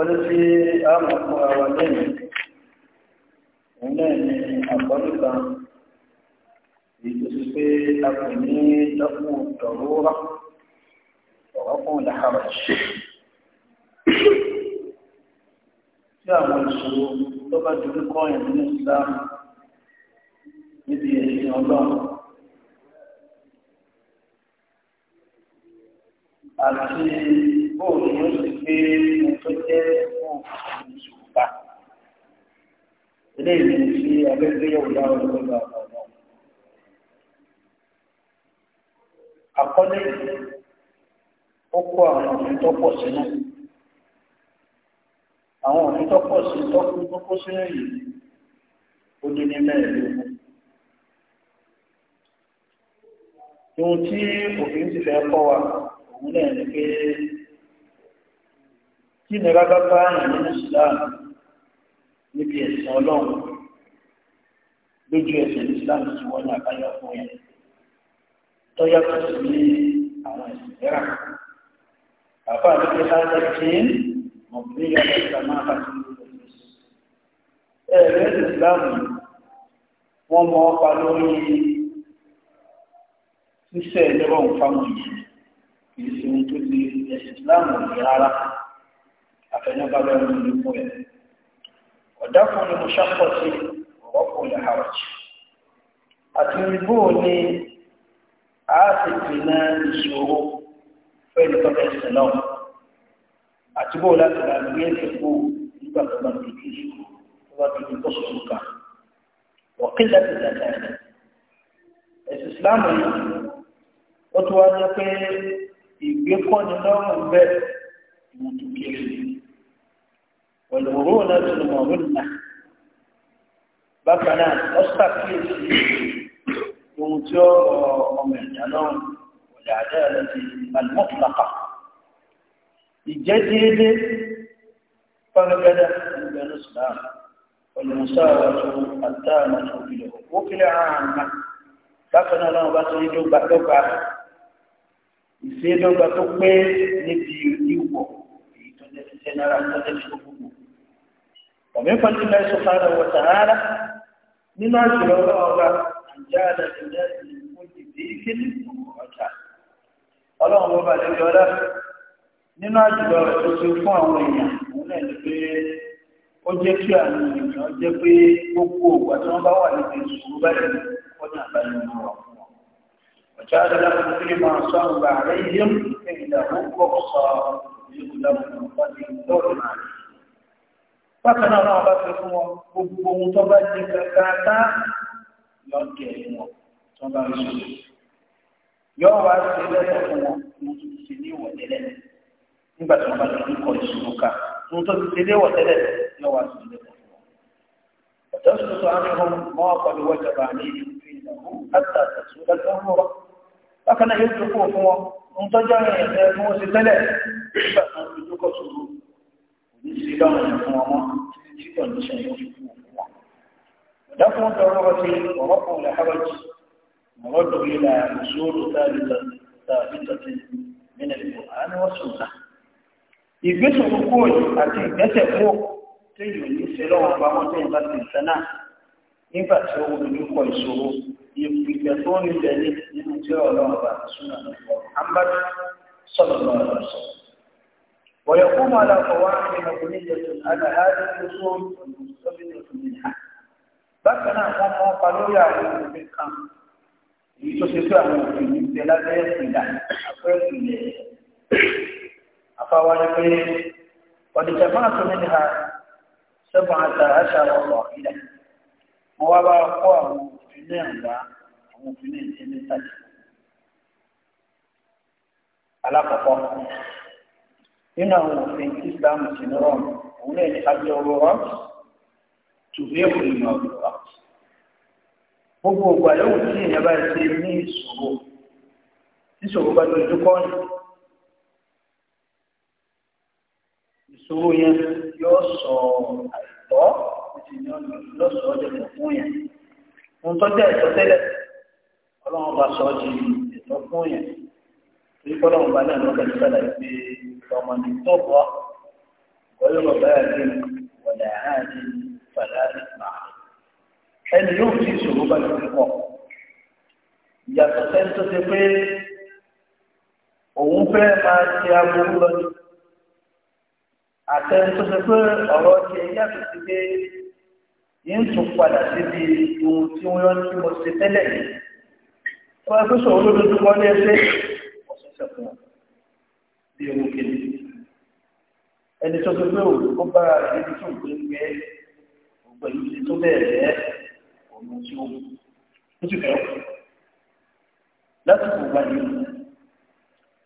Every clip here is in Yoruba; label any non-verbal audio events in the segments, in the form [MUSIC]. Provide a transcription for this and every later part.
àkọlé tí a mọ̀ fún àwà lẹ́yìn òun náà ni àkọlé kan èyí tó ti pé a kò ní dọ́kù dọ̀rọ́rọ́ ọ̀rọ̀ fún ìdáhàrà ṣe tí àwọn ìṣòro tó bá dojú kọ́ ẹ̀ nínú ìsìlámù níbi ẹ̀sìn ọlọ́run àti bóòlù yóò ṣe pé mo jẹ́ fún ìṣùpá. eléyìí ni fi abẹ́gbéyàwó láwọn olùgbà ọ̀nà. àkọlé ó kó àwọn òfin tó pọ̀ sínú. àwọn òfin tó pọ̀ sí tó kó sínú yìí ó dín ní mẹ́ẹ̀ẹ́dógún. ohun tí òfin ti fẹ́ kọ́ wa òun náà ni pé tí ìnira bá bá àyàn nínú ìsìláàmù níbi ẹ̀sìn ọlọ́run lójú ẹsẹ̀ ìsìláàmù ti wọ́n ní àbáyọ fún yẹn tọ́yàtọ̀ sí ní àwọn ẹ̀sìn mìíràn bàbá mi ti hàn lẹ́kìn mọ̀bí yàrá ìsàmà àti ẹ̀rẹ́ ìsìláàmù wọ́n mọ ọ́ pa lórí ṣíṣẹ́ ẹ̀lẹ́wọ̀n fáwọn yìí kì í ṣe ohun tó di ẹ̀sìn ìsìláàmù rárá àfẹnubá lọ́nà ìlú fún ẹ̀. ọ̀dáfún ni mo ṣàpọ̀ sí ọ̀rọ̀pọ̀ ní àwọ̀jì. àti ìbò ni a ti dènà ìṣòro fẹ́ẹ̀lì tọ́lẹ̀ ẹ̀sìn náà àti bó láti rà ní ẹ̀sìn kú nígbà tó bá ti kí tó bá ti kí tó sọ̀rọ̀ ká. ọ̀kí láti dàgbà والمرونة المرنة بقنا أستقل في موتور من الجنون والعدالة المطلقة الجديد فقد من الإسلام والمساواة التامة في الحقوق العامة بقنا لو بطيج بطبع يسيدو بطبع نبي يوبو يتنسي سنرى تنسي ومن فضل الله سبحانه وتعالى مما سلوه الله أن جعل للناس من كل ضيق مخرجا ọlọ́run bọ́ba lórí ọlá nínú àjùlọ rẹ̀ tó ti fún bákan náà náà bá fẹ́ fún wọn gbogbo ohun tó bá jẹ kankan tá lọ́ọ̀kẹ́ wọn tó bá rí sùn yọ wá ṣe lẹ́sẹ̀ fún wọn mo tún ṣe ní ìwọ̀tẹ́lẹ̀ nígbà tí wọ́n bá ti kọ́ ìṣòro ká mo tún ṣe ní ìwọ̀tẹ́lẹ̀ yọ wá ṣe lẹ́sẹ̀ fún wọn. ọ̀tọ́ sọ sọ àmì hàn mọ́ ọ̀pọ̀lọpọ̀ wọ́jà bá ní ìlú ìlú àtàtà tó dájọ́ ń rọ̀ bákan náà yóò tó kó fún wọn ohun tọ́jọ́ níṣẹ́ lọ́nà ìfún ọmọ tí kọ̀ǹdíṣàn yóò fi kú òkú wọn. ودفع ضرورة ورفع الحرج مرد إلى أصول ثابتة ثابتة من القرآن والسنة ìgbésẹ̀ gbogbo àti ìgbésẹ̀ fún téèyàn ní sẹ́lọ́wọ́ bá wọn téèyàn bá ti sẹ́nà nígbà tí ó wọ́n ní kọ ìṣòro ìpìlẹ̀ tó ń lẹ̀ nínú tí ọlọ́run bá lọ́wọ́ àmbájú sọ̀rọ̀ lọ́wọ́ sọ̀rọ̀. onyeọkwụ ụmụala baka na akpọ a e ụ eaoea aaaọịahawaa akụkọ a alakụa ọụụ nínú àwọn òfin tí islam ti ní rọm òun náà ní abẹ́ ọ̀rọ̀ rọm tùbẹ́ kò ní ọ̀rọ̀ rọm. gbogbo ògbà yóò tí èèyàn bá ṣe ní ìṣòro ìṣòro bá dojú kọ́ ni ìṣòro yẹn yóò sọ àìtọ́ ti ní ọ̀nà lọ́sọ̀ọ́ dẹ̀kọ̀ fún yẹn. ohun tó jẹ́ ẹ̀tọ́ tẹ́lẹ̀ ọlọ́run bá sọ ọ́ di ẹ̀tọ́ fún yẹn. torí kọ́lọ́run bá náà lọ́kẹ́ فمن اضطر غير باد ولا عاد فلا إثم عليه ẹni yóò fi ìṣòro bá ti pọ̀ ìyàtọ̀ sẹ́ni tó ti pé òun fẹ́ máa ṣe aburú lọ ni àtẹni tó ti pé ọ̀rọ̀ ti yàtọ̀ sí pé yín tún padà síbi ohun tí wọ́n tí mo ṣe tẹ́lẹ̀ yìí tó ẹgbẹ́ sọ̀rọ̀ lójoojúmọ́ ní ẹgbẹ́ ọ̀sẹ̀ sẹ́kùn sí owó kejì ẹni tó tó pé ó bára rẹ̀ níbi tó ń gbé ń gbé pẹ̀lú ti tó bẹ̀rẹ̀ rẹ̀ ọ̀nà tí ó ó sì fẹ́ lásìkò gbàdé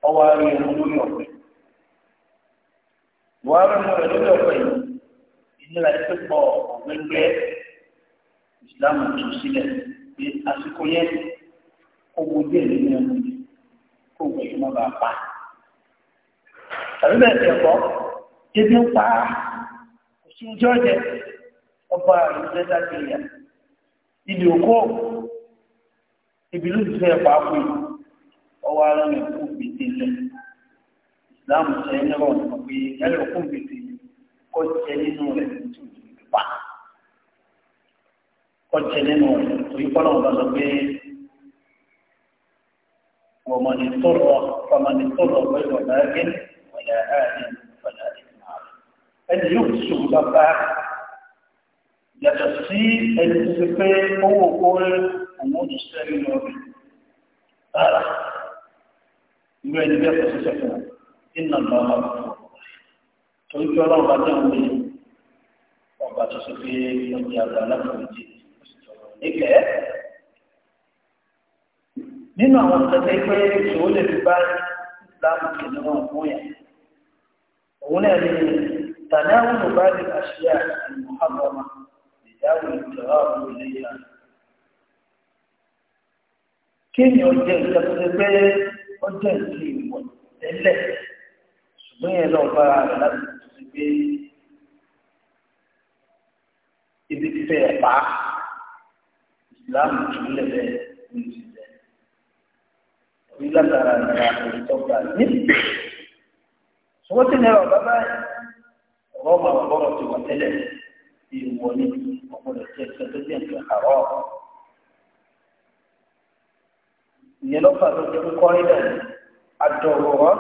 ọwọ́ ààrẹ ẹ̀rọ lórí ọ̀pẹ ìwà ààrẹ ẹ̀rọ lórí ọ̀pẹ yìí ìnira ti tó pọ̀ ọ̀gbẹ́ngbẹ́ ìsìlámù tó sílẹ̀ pé àsìkò yẹn kó wo díẹ̀ ẹ̀mí kó wọ́n tó má pa á tàbí bẹ́ẹ̀ tẹ̀ kọ́ ebi ń pa òsì ojú ọ̀jẹ̀ ọba ìrìnlẹ̀ dàgbéyà ìdí òkú ìbílú ti fẹ́ pa fún yìí ọwọ́ ara rẹ̀ kú gbèdé lẹ̀ ìsìláàmù ṣe ń rọ̀ nípa pé ẹ̀rọ kú gbèdé kọ́ jẹ nínú rẹ̀ nítorí ìpá kọ́ jẹ nínú rẹ̀ torí kọ́ lọ́wọ́ bá sọ pé wọ́n mọ̀ ní tọ́lọ̀ fọmọ ní tọ́lọ̀ pẹ̀lú ọ̀gá ẹgbẹ́ إلى آل فلا إثم عليه أن يكسب بابا yàtọ̀ sí ẹni tó fi pé owó kóòrè àwọn òṣìṣẹ́ nínú ọ̀rẹ́ rárá ìwé ẹni bẹ́ẹ̀ kò ṣiṣẹ́ fún iná lọ ọmọ tó ń fi ọlọ́run bá dáhùn ní ọba tó ṣe pé ọjà àgbà aláfọ̀ọ́jì níkẹ́ nínú àwọn tẹ́tẹ́ pé ìṣòwò lè fi bá ìsìlámù kìnnìún fún yàrá òun náà ní tàdáwùn báyìí àṣìyà ìmọ̀hábọ̀mà ìdáwùn ìjọba àwọn ilé ìyá. kéèyàn jẹ ìjọba pé ó jẹ ìdí ìwọ tẹ́lẹ̀ ṣùgbọ́n yẹn lọ bá rẹ̀ láti tuntun pé ibi tí fẹ́ pa ìsìláàmù tún lẹ̀ bẹ́ẹ̀ ní ìsìlẹ̀ orí látara ìgbà ìjọba ní wọ́n ti nẹ́rọ bàbá ọ̀rọ̀ ọmọ ọ̀rọ̀ ti wà tẹ́lẹ̀ ìwọ ni ọ̀pọ̀lọ̀ tí ẹ̀sẹ̀ tó jẹ́ nǹkan àrọ́. ìyẹn ló fà tó ti ń kọ́ ilẹ̀ àdọ̀rọ̀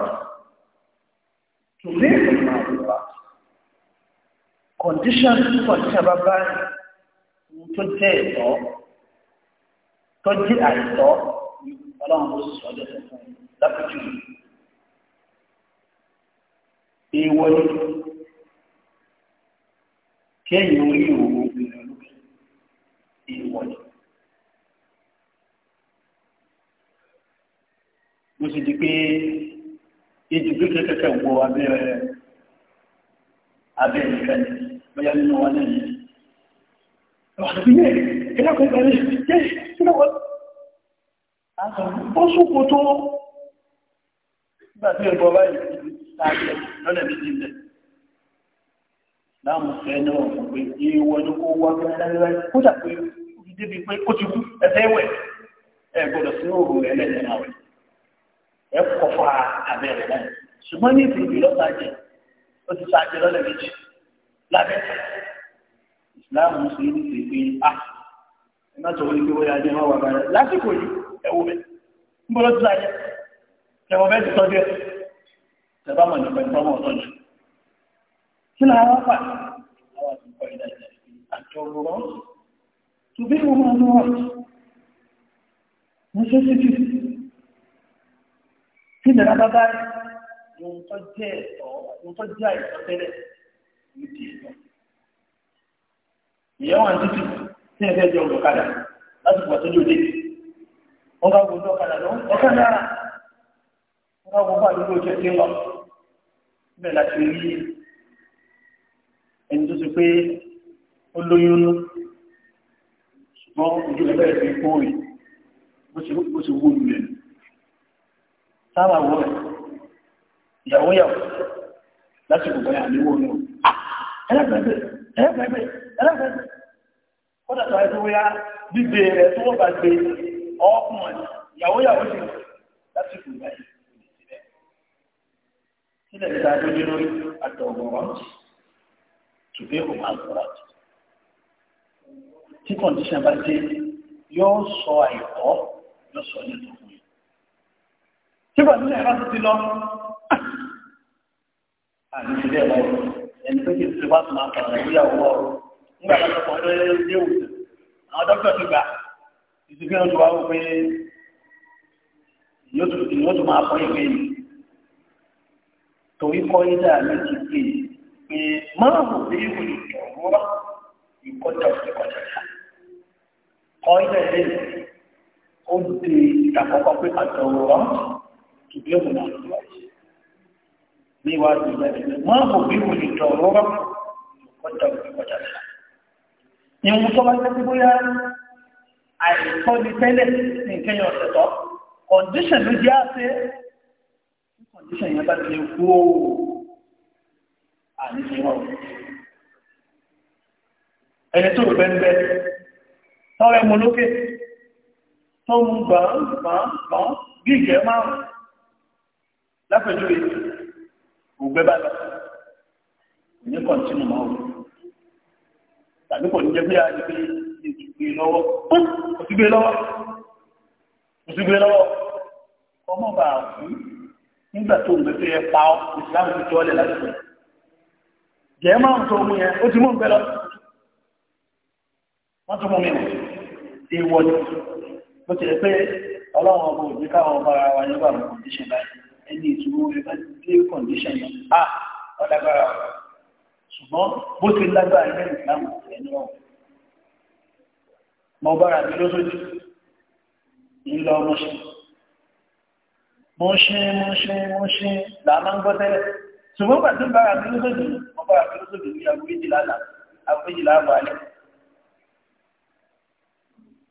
tùlé ìgbìmọ̀ àdúrà condition tí condition bàbá tó jẹ́ ìtọ́ tó jẹ́ àìtọ́ ọlọ́run ló sọ̀rọ̀ lẹ́sẹ̀ fún un lápẹ́jù yìí èèwọ̀ ni kẹ́yìn orí òwò obìnrin olókè èèwọ̀ ni. mo sì di pé ejò kékeré kẹkẹ wo abẹ́ abẹ́ nìkan ni bóyá nínú wọn náà yìí. Àwọn ìbílẹ̀ kílẹ̀ kan gbẹ̀rẹ̀ jẹ́ kílẹ̀ wọn. Ó sùn kò tó nígbà tí ẹ̀gbọ́n báyìí sáyẹ lọ́nà méjì bẹ̀. láàmú fẹ́ náà wọ́n pé ìwọ ni kó wá fẹ́ láyéláyé kódà pé ojú débi pé ó ti kú ẹsẹ̀ wẹ̀ ẹ gbọ́dọ̀ sí òòrùn rẹ̀ lẹ́yìn náà wẹ̀ ẹ kọ̀ fà abẹ́rẹ́ náà ṣùgbọ́n ní ìbìbì lọ́ta jẹ ó ti sáyẹ lọ́nà méjì lábẹ́ ìsìláàmù ń ṣe é ní ìpè a ẹ má sọ wọlé pé wọ́n yà jẹ́ wọ́n wà báyìí lásìkò yìí ẹ wò bẹ́ẹ̀ ń bọ́ lọ́tún tẹ́bá mọ̀ nípa ìtọ́mọ̀ ọ̀tọ́jú. kí la wá fà àwọn àtúnkọ̀ ìdá ìdá àjọ òwúrọ̀ tó bí wọn máa ń wọ̀ necessity kí ni a bá bá ohun tó jẹ́ ẹ̀tọ́ ohun tó jẹ́ àìsàn tẹ́lẹ̀ ní ti ẹ̀tọ́. ìyẹn wọn títí tí ẹ fẹ́ jẹ olùkadà láti pọ̀ tó lóde wọn bá gbọ́dọ̀ ọ̀kadà lọ ọ̀kadà wọn bá gbọ́dọ̀ àdúgbò jẹ́ sí lọ bẹ́ẹ̀ láti rí ẹni tó ṣe pé ó lóyún nú ṣùgbọ́n ojú rẹ̀ bẹ̀rẹ̀ sí kó rìn bó ṣe bó ṣe wó lulẹ̀ sábà wọ ìyàwó yàwó láti kò bẹ́ẹ̀ àléwò ní o ẹlẹ́gbẹ̀ẹ́gbẹ̀ ẹlẹ́gbẹ̀ẹ́gbẹ̀ ẹlẹ́gbẹ̀ẹ́gbẹ̀ kódà tó ayé tó wáyá gbígbé rẹ̀ tó wọ́n bá gbé ọkùnrin ìyàwó yàwó sì láti kò bẹ́ẹ̀ nílẹ̀ níta lójú lórí àtọ̀gbọ̀rọ̀ tùbí òun àgbọ̀rọ̀ tí kọ̀ǹdíṣàn bá dé yóò sọ àìtọ́ yóò sọ nínú fún yìí tí kọ̀ǹdíṣàn bá ti lọ àti ìdílé ẹ̀rọ ẹni tó kì í ti wá sí máa tọ̀rọ̀ ìyàwó ọ̀rọ̀ nígbà tó kọ̀ pé ilé òsè àwọn dókítà ti gbà ìdílé ọdún wa wọ pé ìyóò tó máa fọ ìgbé yìí. torí kọ́ńdà mi ti pè pé márùn ní ìwòye ìjọba ìkọjá ìkọjá yá kọ́ńdà ilé ó di ìtàkọ́kọ́ pé àtọ̀wọ́ ìdí òun náà ló wáyé níwájú ìgbàlejò márùn ní ìwòye ìjọba ìkọjá ìkọjá yá ìwọ̀n tó bá jẹ́ pé bóyá àìsọ́ ni tẹ́lẹ̀ ní ìkẹyìn ọ̀sẹ̀ tọ́ kọ̀ǹdíṣàn ló jẹ́ àṣẹ àdíṣẹ́ yẹn bá ti lè kú ó àdíṣẹ́ wọn. ẹni tó rẹ̀ ń bẹ tọ́rẹ mú lókè tó mú gbọ̀ngbọ̀ngbọ̀n bí ìjẹ́ márùn-ún lápẹjú rẹ̀ ògbẹ́ bá lọ ní kọ̀ntínú máa wù tàbí kò ní jẹ́ bí a ní pé ìtùgbé lọ́wọ́ òtùgbé lọ́wọ́ òtùgbé lọ́wọ́ ọmọ bàá fún nígbà tó ń bẹ fẹ́ pa ọ́ ìsìlámù ti tọ́ lẹ̀ láti pẹ̀. jẹ́ máa ń sọ omi yẹn ó ti mú nǹkan lọ wọ́n tún mú mi wọ̀ ṣe wọ́ ni bó ti rẹ̀ pé ọlọ́run ọmọ òbí káwọn ọba ara wa yẹn wà ní báyìí ẹni ìtumọ̀ rẹ̀ bá dé kọ̀ǹdíṣẹ̀ yẹn á ọlágbára ṣùgbọ́n bó ti lágbára ní ìsìlámù ẹni ọ̀ mọ bára mi lóṣooṣù ńlọ ọmọ ṣe mọ́ṣín mọ́ṣín mọ́ṣín làmá ṣùgbọ́n gbà tó bára mi lóṣòdì wọ́n bára mi lóṣòdì ní aago méjìlá là aago méjìlá àbọ̀ alẹ́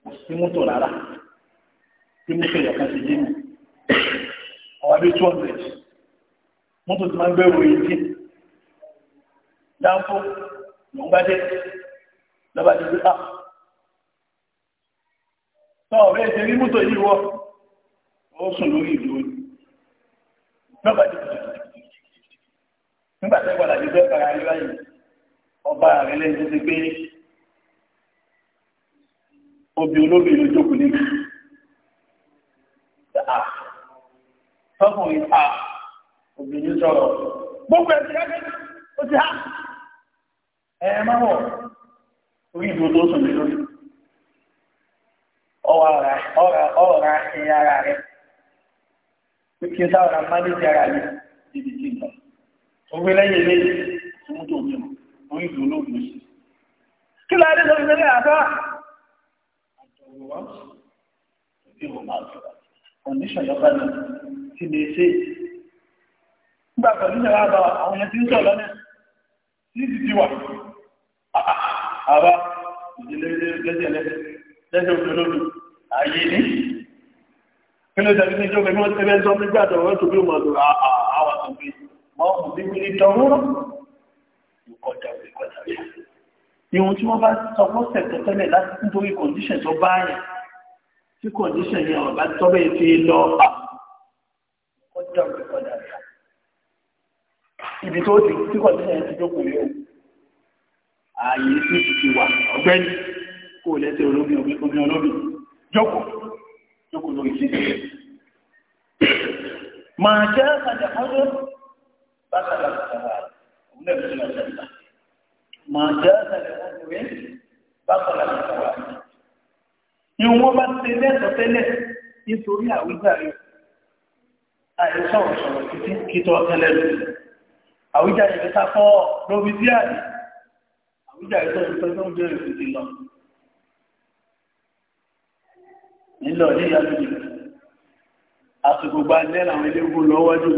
kò sí mọ́tò rárá tí mọ́tò yẹ kan ti dé mi ọ̀wá bí two hundred mọ́tò tí máa ń gbẹ́rù èyí tí dáńfó lòún bá dé lọ́ba ti gbé ah tọ́ ọ̀rẹ́ ìṣẹ́rí mọ́tò yìí wọ́ ó sùn lórí ìdúró lọ́ba ti kùtù nígbà tó ìgbàlá ti fẹ́ fara rí báyìí ọba rẹ̀ lẹ́yìn tó ti pé obì olóbìnrin jókòó níbi tọkùnrin ta obìnrin sọ̀rọ̀ gbogbo ẹ̀ ti rẹ́ ó ti há ẹ má wọ̀ orí ìdúró tó sùn mí lórí ọ̀rọ̀ ẹ̀yà ara rẹ̀. pé kí n sáwọn amánéjì ara mi níbi tí n lọ ó gbé lẹ́yìn eléyìí tó mú tó mi mọ ó ń lò lóògùn sí kí ló adé sọ fún mi àbá àjọwò wá bí wọn máa sọ kọndíṣọ̀n lọ́ba náà ti lè ṣe nígbà kọndíṣọ̀n wà bá àwọn ẹni tí ń sọ̀rọ̀ náà tí ti ti wà àbá ìdílé lẹ́sẹ̀ lẹ́sẹ̀ lẹ́sẹ̀ òkè lóbi ààyè ní nínú ìtàbí ní ìjọba ìmọ̀ ẹgbẹ́ sọ nígbà tó wọ́n tó bí wọn lò àwọn tó bí wọn kò bí wílé tọrọ ìkọjá ìkọjá rẹ̀. ìwọ̀n tí wọ́n bá sọ wọ́n sẹ̀tọ̀ tẹ́lẹ̀ láti nítorí kọ̀ǹdíṣẹ̀ tó bá yàn tí kọ̀ǹdíṣẹ̀ yẹn ọ̀ bá tọ́ bẹ́ẹ̀ fi lọ ìkọjá ìkọjá rẹ̀. ibi tó ti tí kọ̀ǹdíṣẹ̀ yẹn ti jókòó yẹn ààyè sí ti wà ọ̀gbẹ́ni kó o lẹ́sẹ̀ olómi olómi jókòó jókòó lórí ìṣèlú rẹ̀. màá jẹ́ àjàmọ́jọ́ bákan náà sọ̀rọ̀ àrùn òun náà fi lọ́sẹ̀ nípa. màá jẹ́ àjàmọ́jọ́ rẹ̀ bákan náà sọ̀rọ̀ àrùn. ìwọ̀n bá ti lẹ́sọ̀ tẹ́lẹ̀ nítorí àwíjàre àìsọ̀rọ̀ sọ̀rọ̀ títí kí tọ́ tẹ́lẹ̀ lọ. àwíjàre ta fọ́ lórí díàdì àwíjàre tó ń tẹ́ nílọ ní ìyàlódì àsìkò gba lẹ́nu àwọn eléwu lọ́wọ́dù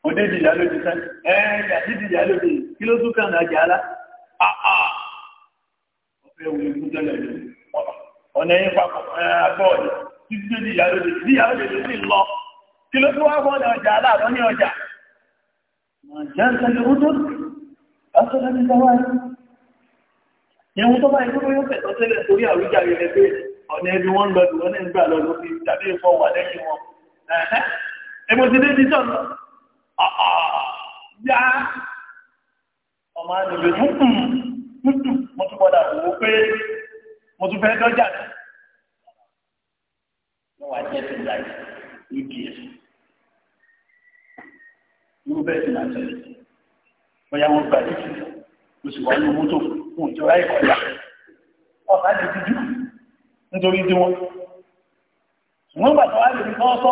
mo dé di ìyàlódì sẹ́ ẹ́ yàtí di ìyàlódì kí ló tún kàn lájà á àà ọ̀fẹ́ wo ikú tẹ́lẹ̀ lò ọ̀nà yín papọ̀ ẹ̀ agbọ́ọ̀dù títí dé di ìyàlódì di ìyàlódì ló sì lọ kí ló tún wá bọ́ọ̀dù ọjà aláàbọ̀ ní ọjà màjá ń tẹ́lẹ̀ ó tó àtọ́lẹ́ ní sáwáyé ìyẹn tó bá ikú tó yóò fẹ̀ tọ́tẹ́lẹ̀ torí àwíjàre rẹ̀ bẹ́ẹ̀ ọ̀nà ẹbí wọ́n lọ lùwọ́n náà gbà lọ lórí tàbí ìfọ́ wà lẹ́yìn wọn. ẹgbẹ́ ti dé títọ̀ lọ yá ọmọ àdìgbò tuntun tuntun mo tún padà wò ó pé mo tún fẹ́ dọ́jà ní. wọ́n wá jẹ́ tìlá yìí ìdí ẹ̀ irú bẹ́ẹ̀ ti máa tẹ̀lé bóyá wọ́n gbà ní mo sì wá ní mọ́tò fún ìjọba ìkọjá ọ̀hán ti dúdú nítorí tí wọ́n. wọ́n gbà tó wá lè fi kọ́ sọ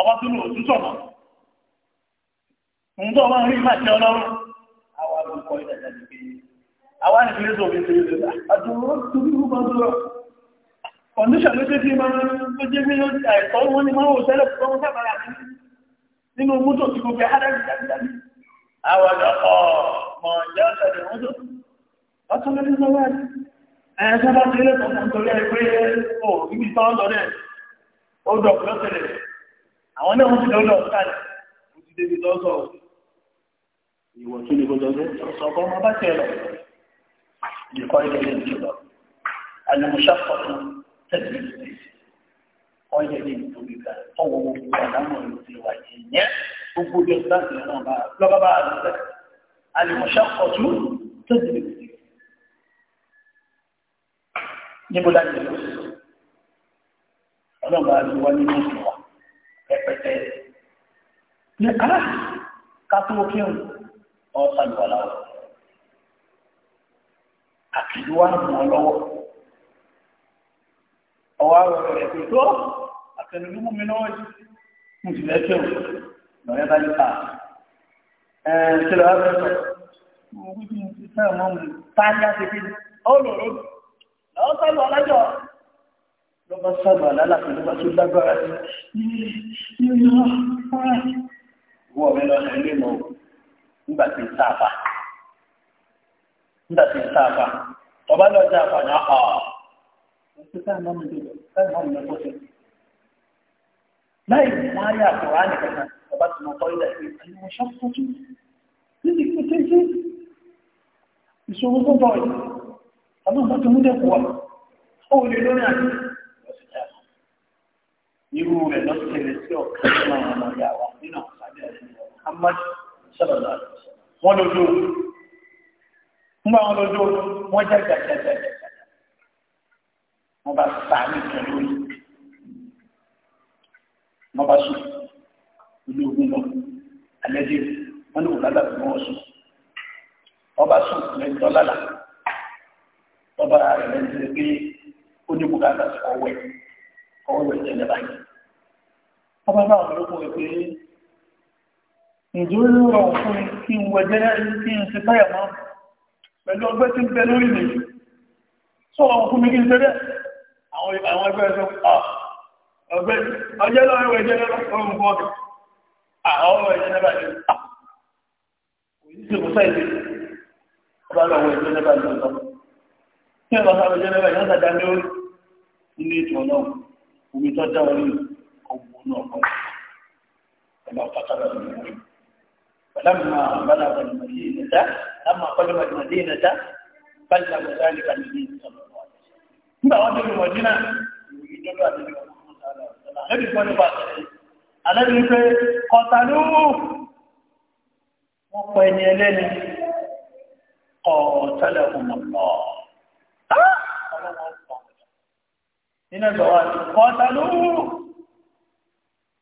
ọba tó lò ó tútọ̀ náà. ń tọ́ wọn rí màtí ọlọ́run àwa ló kọ́ ìdájà ní pé àwa ní fi rédíò bíi tèlé lọ́dà. àdúró torí wọ́n bá dúró. kọ̀ǹdíṣà ló dé sí máa ń tó jẹ́ bí àìsàn wọn ni máa ń tó wọ́n sábàrà nínú ẹ̀ẹ́sẹ́ bá ti lé tọ́sán torí ẹ pé ọ̀ ibi tọ́ lọ rẹ̀ ó dọ̀ pẹ̀lú ọ̀sẹ̀ rẹ̀ àwọn náà ń fi lọ́dọ̀ sáré ó ti débi lọ́sọ̀ ìwọ̀ tó lè gbọdọ̀ lé sọ ọkọ ọmọ bá tiẹ̀ lọ ìkọ́ ilé ilé ìjọ lọ alùmùsà pọ̀tù tẹ̀lé ọ̀yẹ̀ ní ìtòlú ga ọwọ́ níbo láti lọ sí ọlọ́run àti wá nínú ìlú wa pẹpẹtẹ ní ara ká tó o kírun ọ sàlùwà láwọ àkìlú wa mọ ọ lọ́wọ́ ọwọ́ àwọn ọ̀rọ̀ rẹ pé tó àtẹnudú mú mi náà mo lọ́yẹ́ bá ní lọ́wọ́ sábà ọlájọ́ ló bá sábà lálàpé ló bá tún lágbára tí ń sáfà lọ sí máa mú àkùrá nìkan ọba tí mo tọ́ ilẹ̀ ìgbà ìṣòro tó bọ̀ yìí. Ọlọ́run bá ti mú dẹ́kun wá. Ó lè lórí àná. Irú rẹ̀ lọ́sẹ̀lẹ̀ sí ọ̀kan nínú àwọn ọmọ ìyá wa nínú àwọn sábẹ́ rẹ̀ ní Muhammad Sọlọ́lá. Wọ́n lójú oru. Nígbà wọn lójú oru, wọ́n jẹ́ jàjàjà. Wọ́n bá sá ní ìtàn lórí. Wọ́n bá sùn. Ilé ogun lọ. Àlẹ́ dé. Wọ́n ní wò lálàbí wọ́n sùn. Wọ́n bá sùn lẹ́yìn lọ́lálàá ọba rẹ̀ lẹ́nu ti pé ó ní bùkátà sí ọwẹ́ ọwẹ́ tẹ̀lé báyìí. ọba bá wọn lókun rẹ̀ pé ǹjẹ́ ó rọrùn fún mi kí n wẹ̀jẹ́ kí n ti táyà mọ́ pẹ̀lú ọgbẹ́ tí ń bẹ lórí mi sọ̀rọ̀ fún mi kí n ṣe bẹ́ẹ̀ àwọn ẹgbẹ́ ẹ̀sọ́ ọgbẹ́ ọjẹ́ lọ́wọ́ ẹwẹ́ jẹ́ lọ́wọ́ ọrùn fún ọdún àwọn ọwọ́ ẹ̀jẹ̀ lẹ́bàá ní òyìnbó sáìdì ọba lọ́wọ́ ẹ̀jẹ̀ lẹ́bàá ní ọdún tí ẹ lọ sáré jẹ́ lẹ́wọ̀ yọ́n dàda ní orí nínú ètò ọlọ́run omi tó dá orí ọgbọ̀n náà kọ́ ẹ̀lọ́ pàtàkì ọ̀rọ̀ ìwé pẹ̀lẹ́mà bala bàlùmọ̀dé ìnẹta lámà pẹ̀lú bàlùmọ̀dé ìnẹta nínú ìgbàwà kọ́ta lóòrù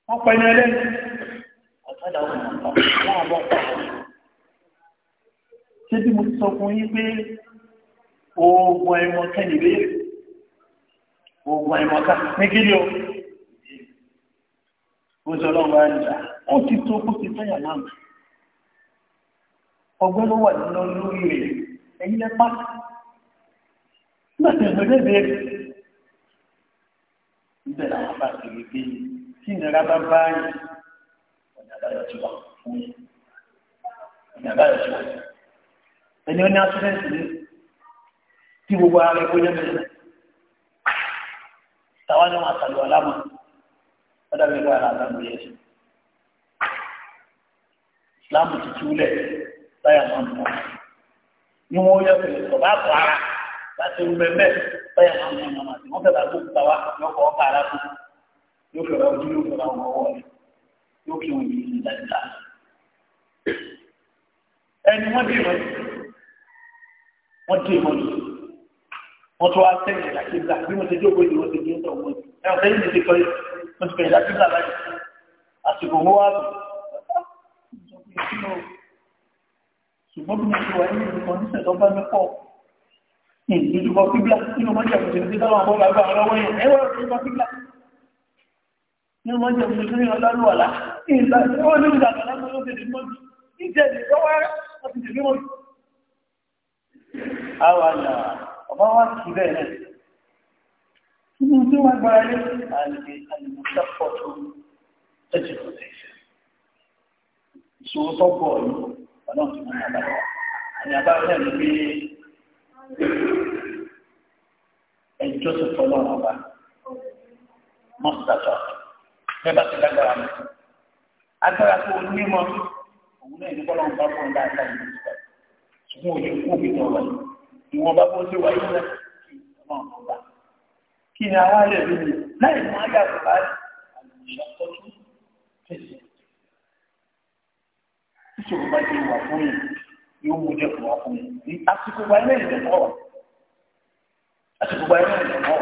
wọ́n pẹ̀ ní ẹlẹ́ ọ̀tọ́dà òun láàbọ̀ ṣé bí mo sọ fún yín pé oògùn ẹ̀wọ̀n kẹ́lì bẹ́ẹ̀ oògùn ẹ̀wọ̀n ká ní kíni o ó sọ lọ́wọ́ bá nìyà ó ti tó kó ti tẹ́yà náà ọgbọ́n ló wà nínú lórí rẹ̀ ẹ̀yin lẹ́pàá nígbà tí níbẹ̀ làwọn bá ti rí gbé yìí tí ìnira bá bá yìí ọ̀nà àbáyọ ti wà fún yìí ọ̀nà àbáyọ ti wà ẹni wọn ní asúrẹ́ǹsì ní tí gbogbo ara ẹgbẹ́ yẹn mẹ́rin táwa ni wọn àtàlù aláma ọ̀dà mi bá ara àlámù yẹn sùn Islam ti túlẹ̀ báyà máa ń bọ̀ ni wọn yẹ kó sọ̀ bá bọ̀ ara láti ń bẹ̀ẹ̀ báyà máa ń mọ ọmọ àti wọ́n fẹ́ẹ́ gbókù tàwa yóò kọ́ ọ́kà ara fún yóò fẹ́ra ojú yóò fẹ́ra ọmọ ọwọ́ rẹ̀ yóò kí wọn yìí ní dáadáa. ẹni wọ́n dé ìmọ̀ wọ́n dé ìmọ̀ lò wọ́n tún wá sẹ́yìn ìdàkíńdà bí wọ́n ti jókòó ìdíwọ́ ti gbé ọ̀tọ̀ wọn ẹ̀ ọ̀tẹ́ yìí ti kọ́ wọ́n ti kẹ̀yìn ìdàkíńdà láyé àsìkò ìdúkọ̀ kíblá nínú mọ́jẹ̀ mùsùlùmí táwọn àbọ́lá gbà ọlọ́wọ́ yẹn ẹwọ́ ìdúkọ̀ kíblá nínú mọ́jẹ̀ mùsùlùmí ọlọ́lúwàlá ìlànà ó ní ìdàkàlá tó ló tẹ̀lé mọ́jù ìjẹ́ ìdíkọ́wá láti tẹ̀lé mọ́jù. àwọn àlà ọba wa kì bẹ́ẹ̀ náà kí ni tí wọ́n gbára lé àlè àlùmọ́sá pọ̀ tó ẹ̀jẹ̀ lọ́tẹ̀ ìṣòro tó bọ̀ yìí ọlọ́run ti mú ẹjọ́ tó tọ́ lọ́wọ́ ọba mọ́tàtọ̀ bẹ́ẹ̀ bá ti dágbára mi agbára tó o ní mọ́ òun náà ní bọ́lá ń bá fún un dáadáa yìí ṣùgbọ́n òye kú òbí tó wáyé ìwọ̀n bá bọ́ sí wáyé náà kí ọlọ́run tó bá kí ni àwọn alẹ́ mi ní láì mú ayé àbúrò àlùmíṣàtọ́jú fèsì. Ìṣòro bá ti wà fún yìí yóò mú jẹ fún ọkùn ní àsìkò gba ilé ìdè mọ àsìkò gba ilé ìdè mọ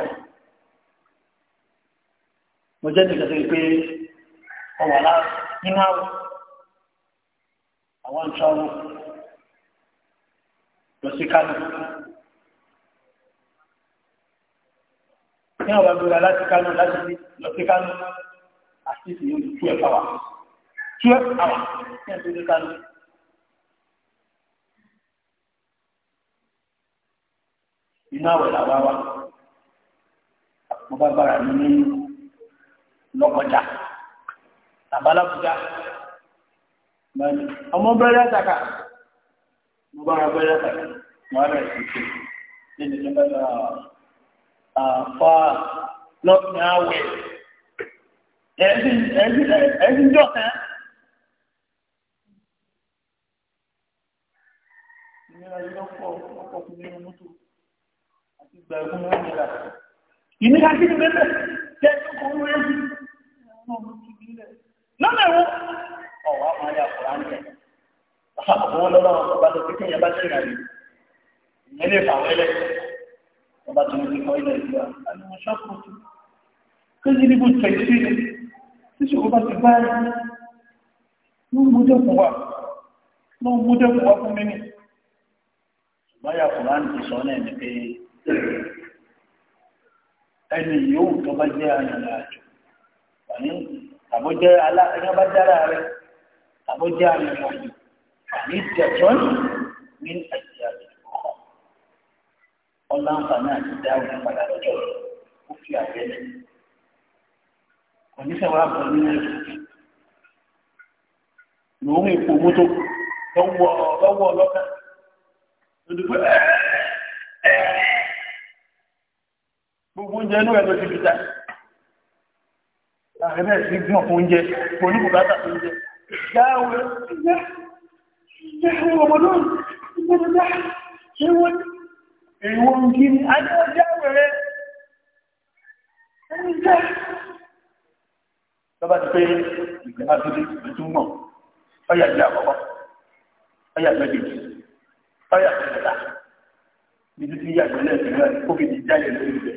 mo jẹ nìkan sọ pé ọwọ alá nínú àwọn àwọn ń sọ̀rọ̀ lọ sí kánò ní àwọn agbèrè láti kánò láti lọ sí kánò àti ìsìn yóò tú ẹ fáwà tú ẹ fáwà ní ẹgbẹ̀rún kánò. iná wẹ̀ làwa wa mo bá bára mi ní lọ́kọjà àbálàbújá ọmọ bẹ́rẹ̀ àtàkà mo bára bẹ́rẹ̀ àtàkà mo rẹ̀ sí ṣe nínú ìjọba àfa lọ́kùnrin àwẹ̀ ẹ̀ẹ́dì jọ̀kẹ́. Ìnira yìí lọ́pọ̀ lọ́pọ̀ fún nínú mọ́tò ìgbà ẹ̀kún wọn nira ìnira sí ìgbẹ́lẹ̀ jẹ́ ìjókòó lórí ẹ̀sìn lọ́nà ẹ̀wọ́ ọ̀wọ́ àwọn ayé àkùrá ń ọlọ́run ọba tó kékeré yẹn bá ìyẹn lè fà wẹ́lẹ̀ ọba tó ń fi kọ́ ilẹ̀ ìgbà àwọn ṣọ́ọ̀kù tó kéjì níbo tẹ̀sí sísè ọba ti bá ẹ̀ ló ń múdẹ́ fún wa ló ń múdẹ́ fún wa fún mímì ṣùgbọ́n ẹni yòówù tó bá jẹ́ àyànlá àjò wàní àbójẹ́ aláàtẹ̀yìn bá dára rẹ̀ àbójẹ́ àyànlá àjò wàní tẹ̀tọ́ ní àti àjò kọ̀ ọ̀la ń fàánà àti dáhùn padà lọ́jọ́ ó fi àjẹ́ lẹ̀ oníṣẹ́ wa bọ̀ nínú ẹ̀jọ̀ lòun èpo mọ́tò lọ́wọ́ lọ́kàn lọ́dún pé ẹ̀ẹ́ ẹ̀ẹ́ gbogbo oúnjẹ inú ẹ̀ ló ti fi jà ààrẹ bẹ́ẹ̀ sí gbọ́n fún oúnjẹ kò ní bùkátà fún oúnjẹ dáwọ́ ìjẹ́ ọmọ náà ìjẹ́ dáa ṣé wọ́n èèwọ̀n kí ni adé ọjọ́ àwẹ̀rẹ́ ẹni jẹ́ lọ́ba ti pé ìgbìmọ̀ àtúndì ìtumọ̀ ọyà ìlú àkọ́kọ́ ọyà méjèèjì ọyà ìjọba ní títí yàgbẹ́lẹ̀ ìgbìmọ̀ kófìdì jáde lórí ìgbẹ́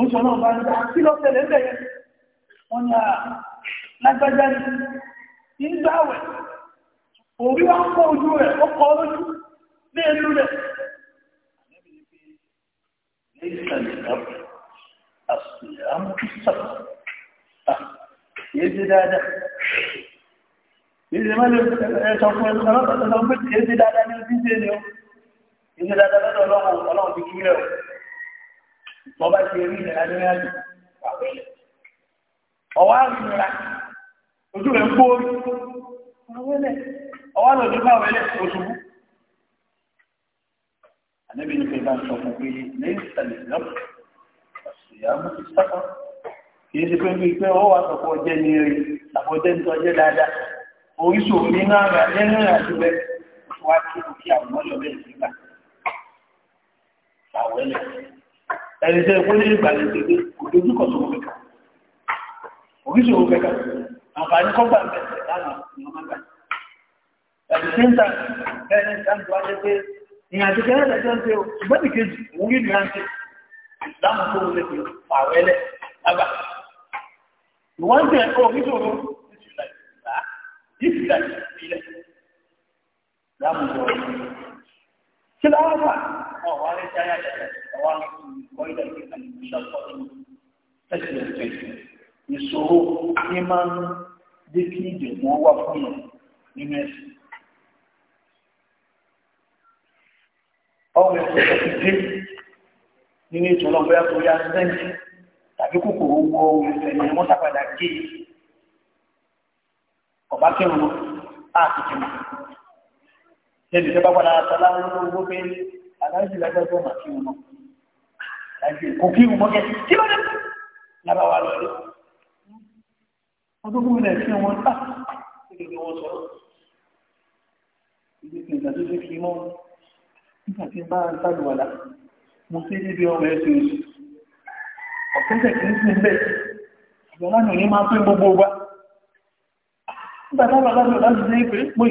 ó sọ náà bá ní bá kí ló tẹ̀lé bẹ̀yẹ wọ́n ní lágbájá ní ìgbàwẹ̀ òbí wá ń kọ́ ojú rẹ̀ ó kọ́ lójú ní ìlú rẹ̀ Èdè dáadáa. Èdè mẹ́lẹ̀ ẹ̀sọ̀ fún ẹ̀sọ̀ lọ́pàá tọ́lọ́pàá bọ́ba ti rí ìnira lórí àjò ọwọ́ àrùn ìnira ojú rẹ̀ ń gbóòrò ọwọ́ lòdì bá wẹlẹ̀ òṣùwù. Ànábì ní pé bá ń sọ fún pé lẹ́yìn ìsàlẹ̀ ìlọ́pù ìyá mú ti sápá kìí ṣe pé ń gbé pé ó wà sọ̀kọ̀ jẹ́ ní eré àpò jẹ́ ní tọ́jẹ́ dáadáa oríṣi òní náà rà lẹ́nu rà síbẹ̀ wá kí kí àwọn ọmọ yọ̀ bẹ́ẹ̀ sí gbà. Àwẹ̀lẹ̀ ẹni tẹ́ ẹkún ní ìgbàlẹ̀ tẹ́lẹ̀ òdojú kọ̀ sọ́wọ́ kẹta òkìsì owó kẹta àǹfààní kọ́gbà mẹ́sẹ̀ lánàá ni wọ́n máa gbà ẹ̀dì sẹ́ńtà ẹni sáǹtì wájẹ́ pé ìyẹn àti kẹ́rẹ́ lẹ́jọ́ ń pé ìgbẹ́ni kejì òun yìí nìyà ń pé ìdáhùn tó wọlé fi pààrọ̀ ẹlẹ́ lágbà ìwọ́n tẹ̀ ẹ̀kọ́ òkìsì owó ìfìlà ìfìlà ìfìlà وعلى جاية الطوارئ وإلى تلك المشقة تسلم الفيل ìṣòro ní máa ń dé kí ìdìbò wá fún yàn nínú ẹ̀sìn. ọmọ ẹ̀sìn tó ti dé nínú ètò ọlọ́gbẹ́ àtòrí àtẹ́ǹtì tàbí kòkòrò wọ ohun ẹ̀sẹ̀ ni wọ́n sápadà gé ọ̀bá kẹrù àti kẹrù. lẹ́nu ìjọba padà sọ láwọn olówó bẹ́ẹ̀ aláàjì lágbàgbọ́ mà kí wọn mọ́ aláàjì kò kí wọn mọ́ kẹ́ kí ló dé lábá wa lọ rí wọn tó kú ilẹ̀ sí wọn tá ah! kí ló wọn sọ̀rọ̀ ìdí kí ìgbà tó ṣe kí mọ́ nígbà tí bá ń sálù wàlà mo ṣe níbi ọmọ ẹsẹ̀ oṣù ọ̀kẹ́sẹ̀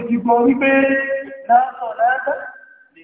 kì wípé láàtọ̀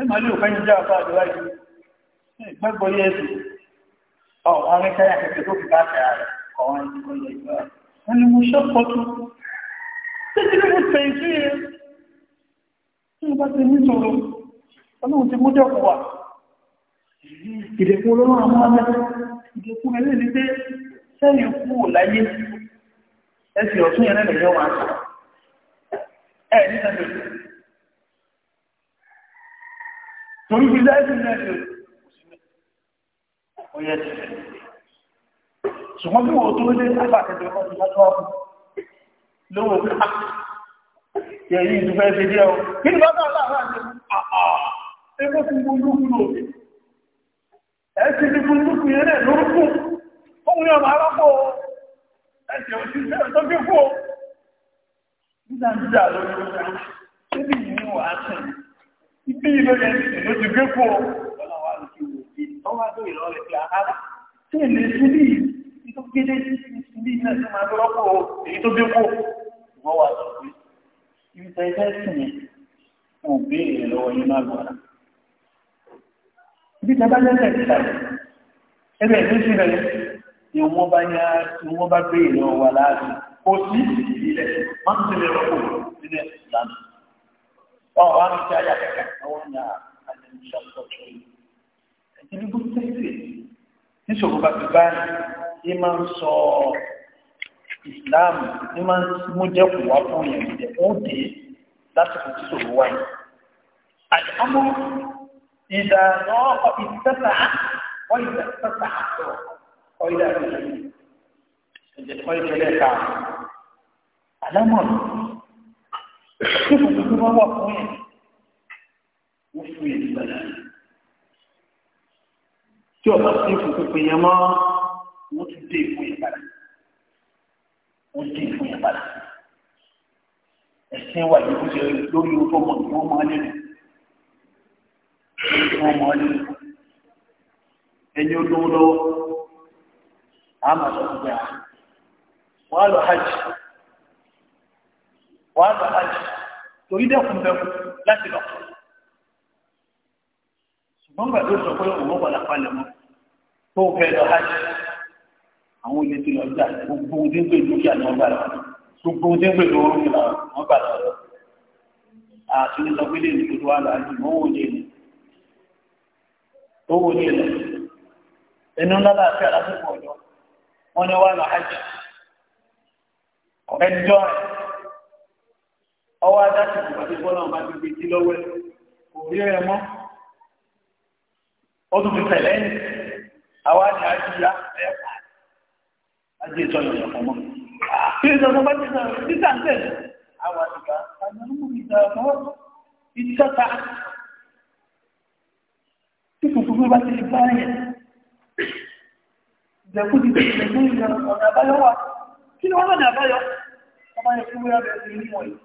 ẹmà ló fẹ́ jíjá ọ̀fà àdúwájú gbẹ́gbọ́ yẹ́ sí ọ̀wọ́n kẹ́yà kẹ́kẹ́ tó fi bá kẹ́yà rẹ̀ ọ̀wọ́n ìgbọ́ yẹ ìgbọ́ wọn ni mo ṣọ́pọ̀ tó títí ní mo sí ẹ tí mo bá ti ní sọ̀rọ̀ ọlọ́run ti mújọ́ kù wà ìdẹ̀kùn olóró àwọn ọmọ ìdẹ̀kùn ẹlẹ́ ní pé sẹ́yìn kú láyé ẹsẹ̀ ọ̀tún yẹn lẹ́lẹ̀ yọ torí bí lẹ́yìn lẹ́yìn ó ti ṣùgbọ́n bí wọ́n tó lé àbàkẹ́jọ náà ti lówó ká yẹ yìí ṣe díẹ̀ o kí ni bàbá aláàbà ṣe òṣìṣẹ́ tó fi kú nígbà lórí ọjà níbi ìníwọ̀ àtẹ̀yìn ibi ìlú ti gbé fún ọ. ọ̀nà wa ló ti wò ó bí wọ́n wá lóye lọ́ọ́ rẹ̀ pé àhárà tí èmi sí bí i tó gédé sí bí iná tó máa lọ́pọ̀ èyí tó gbé fún wọ́n wá lọ pé ibi tẹ́ fẹ́ sìn yẹn wọn ò béèrè lọ́wọ́ yín má lọ́ra. ibi tẹ́ bá lẹ́sẹ̀ síta yìí ẹgbẹ́ ìlú sí rẹ̀ ni wọ́n bá yá ni wọ́n bá béèrè lọ́wọ́ wa láàrin kò sí ìdílé má tún tẹ̀lé rọ́pò nílẹ̀ lánàá wọn wà ní ti ayà kẹkẹ àwọn ní àdìmíṣà pọtù yìí ìdílùbù tẹsí níṣòro bá ti báyìí yìí máa ń sọ islam ní máa ń mú jẹkù wá fún yẹn jẹ ó dé lásìkò tí ṣòro wà yìí àdìmọ ìdáná ìtẹsà wọn ìtẹsà àtọ ọyìnbá ìjẹlẹ ká àlámọ tó bá wà fún yẹn ó fún yẹn nígbà láàyè tí ọba sí fún pínpín yẹn mọ́ wọ́n ti dé ìfún yẹn padà wọ́n dé ìfún yẹn ẹ̀sìn wà yìí kó lórí orúkọ mọ̀ ní wọ́n máa lẹ́nu lórí wọ́n máa lẹ́nu ẹni olówó lọ́wọ́ àmà sọ fún mi wọ́n lọ hajj wọ́n lọ hajj torí dẹ́kun bẹ́ẹ̀ láti lọ. ṣùgbọ́n gbà tó sọ pé òun wà lápalẹ̀ mọ́ tó fẹ́ lọ hajj àwọn olè ti lọ gbà gbogbo ohun tí ń pè dúkìá ni wọ́n gbà lọ gbogbo ohun tí ń pè lọ orúkì lọ wọ́n gbà lọ. àti ní sọ pé lè ní gbogbo àlọ́ àti mọ́ òun yé ni owó ní ilẹ̀ ẹnu ńlá láti àlàfíà ọ̀dọ́ wọn ni wọ́n lọ hajj ọ̀rẹ́ níjọ́ rẹ̀ ọwọ́ adájú kò bá ti bọ́ náà bá ti gbé tí lọ́wọ́ ẹ̀ kò rí ẹ mọ́ ó tún fi tẹ̀lé ẹ̀ àwa ni àjíyá ẹ̀ ajé ìtọ́nà ìyàpọ̀ mọ́ kí ni sọ́kọ́ bá ti sọ títà ń tẹ̀lé àwa ti gbà àná mú mi dà mọ́ ìtọ́ta tí kùkùkù bá ti lè bá yẹn ìjẹ̀kú ti tẹ̀lé ní ìjọba ọ̀nà àbáyọ wà kí ni wọ́n lọ́nà àbáyọ ọmọ yẹn fún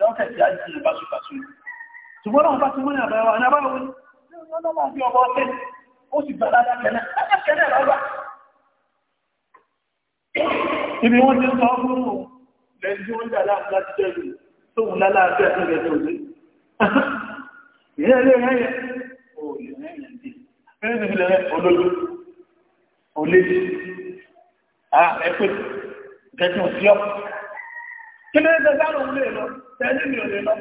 yọ́kẹ̀ tí a jìnà bá ṣùgbàṣù ṣùgbọ́n náà bá ti mú ní àbẹ̀wà ní àbáwọ̀ ní ọlọ́wọ́ bí ọba ọ̀tẹ́ ó sì gbà dáadáa kẹ́lẹ̀ kẹ́lẹ̀ lọ́gbà ibi wọ́n ti sọ fún lẹ́yìn tí wọ́n dà láàrín láti jẹ́ ìlú tó wù lálàáfíà tó lẹ́jọ́ òde ìyẹn ilé ẹ̀yẹ ò lè rẹ̀yìn dì ẹ̀yìn ìlẹ̀ rẹ̀ olójú olójú ah ẹ̀pẹ̀ gẹ̀ẹ́sì òsíọ́ kí ló ń tẹ́ sáà lóun lè lọ tẹ̀lé mi ò lè lọ.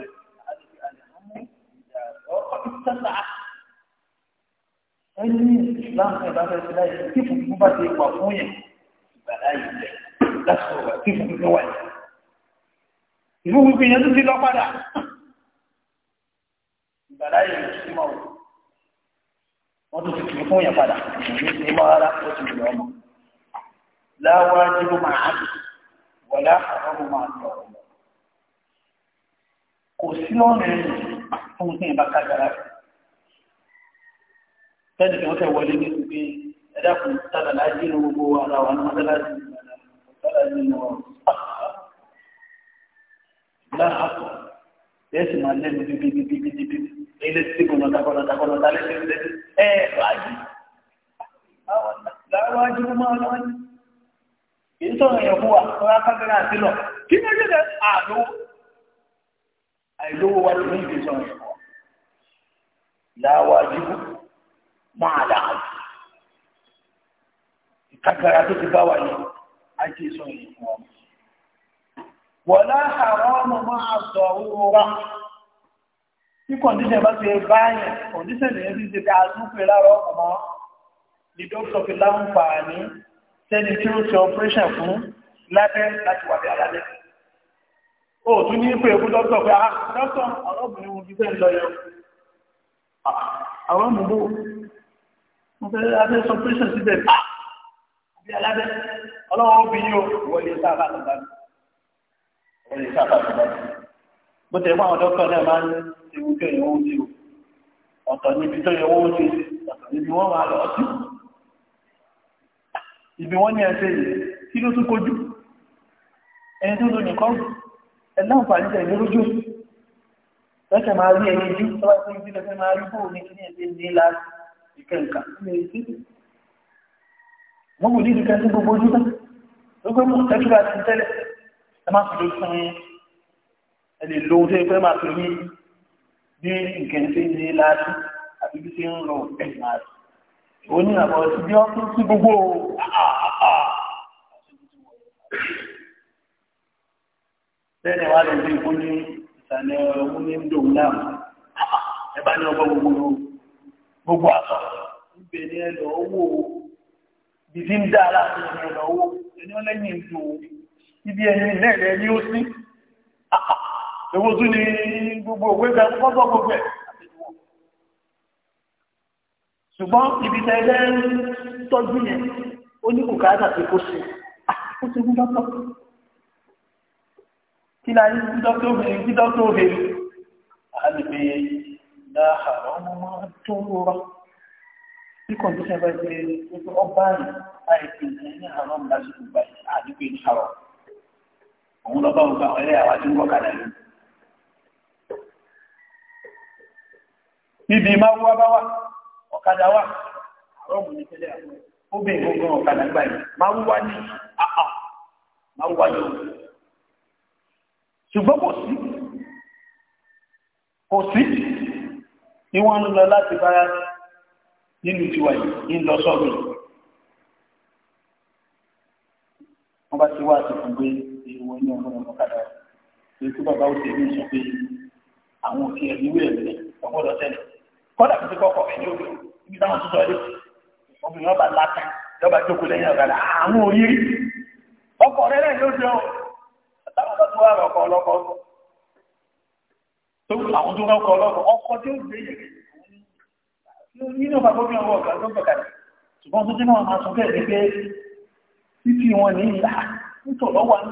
ẹni láǹfẹ̀ bá fẹ́ sílá yìí tí fùfú bá ti wà fún yẹn ìgbàlá yìí lẹ̀ lásìkò wà tí fùfú fi wà yẹn. ìlú fífi yẹn tó ti lọ padà ìgbàlá yìí lè sí mọ́ wọ́n tó ti kì fún yẹn padà ìlú ti mọ́ rárá ó ti lè láwájú máa ń wọlé àwọn ọmọ máa ń lọ kò sí lọ́rùn ẹ̀rù fún ní ìbá kájára rẹ̀. Tẹ́lẹ̀ kí wọ́n tẹ̀ wọlé ní gbogbo ẹ̀dá fún tàbí láti ní gbogbo ara wa ní mọ́tálásì ìgbàlá nínú láàpọ̀. Ẹ̀sìn máa lẹ́nu bíbí bíbí bíbí bíbí. Ilé tí kò lọ dákọ̀ lọ dákọ̀ lọ dálé lẹ́nu lẹ́nu. Ẹ ráàjì. Láwọn ajú ló máa lọ́wọ́ ní. Kì í sọ̀rọ̀ yẹn fún wa, ọ̀rọ̀ akágbẹ́rẹ́ àti lọ. Kí ni ó yẹ àìlówó wa lórí ìdè sọ̀rọ̀ ẹ̀kọ́ láwájú máa là á jù ìkàkàrà tó ti bá wà yìí á ti sọ̀rọ̀ ẹ̀kọ́ wọ̀lá àwọn ọmọ máa sọ owó wa tí kọ̀ǹdíṣẹ̀ bá ti báyìí kọ̀ǹdíṣẹ̀ lè rí ti ká túnfẹ́ láàrọ̀ ọmọ ni dókítà fi láǹfààní sẹ́ni tí ó ṣe ọpẹ́ṣẹ̀ fún lábẹ́ láti wà bí alálẹ́ ó tún ní pé ẹkú dọ́kítọ̀ pé ah dọ́kítọ̀ ọlọ́bù ni mo fi fẹ́ lọ ah, mo fẹ́ abẹ́ sọ ah àbí alábẹ́ ọlọ́wọ́ obìnrin o wọlé sáà bá tó bá mi wọlé sáà bá tó bá mi bó tẹ̀ fún àwọn dọ́kítọ̀ náà máa ń ti wú kẹ́ ìwọ́n o ọ̀tọ̀ níbi tó yẹ wọ́n ti ọ̀tọ̀ níbi wọ́n máa lọ sí ibi wọ́n ní ẹsẹ̀ yìí kí ló tún kojú ẹni tó lò nìkan ẹ̀dá nǹkan tẹ̀ ní lójú lọ́sẹ̀ máa rí ẹni jú tọ́wọ́ tó ń bí lọ́sẹ̀ máa rí bóun ní kíní ẹ̀dẹ́ ní láti ìkẹ́ǹkà wọ́n kò ní ìdíkẹ́ sí gbogbo ojú tán gbogbo mú tẹ́jú bá ti tẹ́lẹ̀ ẹ má fi lójú sọ́yìn ẹ lè lo ohun tó yẹ pé máa fi ní bí nǹkan ṣe ń ní láti àbí bí ṣe ń lọ ẹ̀ sí gbogbo àà sẹ́ni wàá lóde ìkó ní ìsàlẹ̀ ọ̀hún ní ndòun náà ẹ bá ní ọgbọ́n gbogbo gbogbo àtọ̀ níbi ẹni ẹ lọ owó bìbí ń dá aláàbò ẹni ẹ lọ owó ẹni ọ lẹ́yìn ìdò ibi ẹni lẹ́ẹ̀rẹ́ ni ó sí ewu tún ní gbogbo òwe bẹ gbogbo gbogbo ẹ ṣùgbọ́n ibi tẹ ẹlẹ́ tọ́jú yẹn ó ní kòkàtà tí kò sí kó ah, ti gún bá tọ́. kí la yí kí dọ́kítọ́ obìnrin kí dọ́kítọ́ obìnrin àlùfẹ́ láàárọ̀ ọmọ tó ń rọ bí kọ̀ǹdíṣẹ́ bá ṣe gbogbo ọba àìsí ní àárọ̀ lásìkò báyìí àdúgbò ìṣàrọ̀ ọgbà ọ̀rẹ́ àwa tí ń yìí. níbi bá wà ọ̀kadà wà rọ́ọ̀mù ní tẹ́lẹ̀ àwọn obìnrin ọ̀kadà gbà yìí ní ṣùgbọ́n kò sí kò sí ní wọ́n lọ láti nínú tiwa yìí ń lọ wọ́n bá ti wá àti fún pé èèwọ̀ ní ọgbọ́n ọmọkadà èyí tó bàbá ó tẹ̀lé sọ pé àwọn òkè ẹ̀mí wíwẹ̀ rẹ̀ ọgbọ́dọ̀ tẹ̀lé kọ́dà tó ti kọ́kọ́ ẹ̀yìn òbí ibi táwọn tó sọ ẹ̀ látà tó tó àwọn tó rọ́kọ ọlọ́kọ tí ó gbé nínú bàbá mi ọwọ́ ọ̀gá tó gbọ̀kà ṣùgbọ́n tó jẹ́ náà máa sọ bẹ́ẹ̀ títí wọn ní ìlà nítòlọ́ wà ń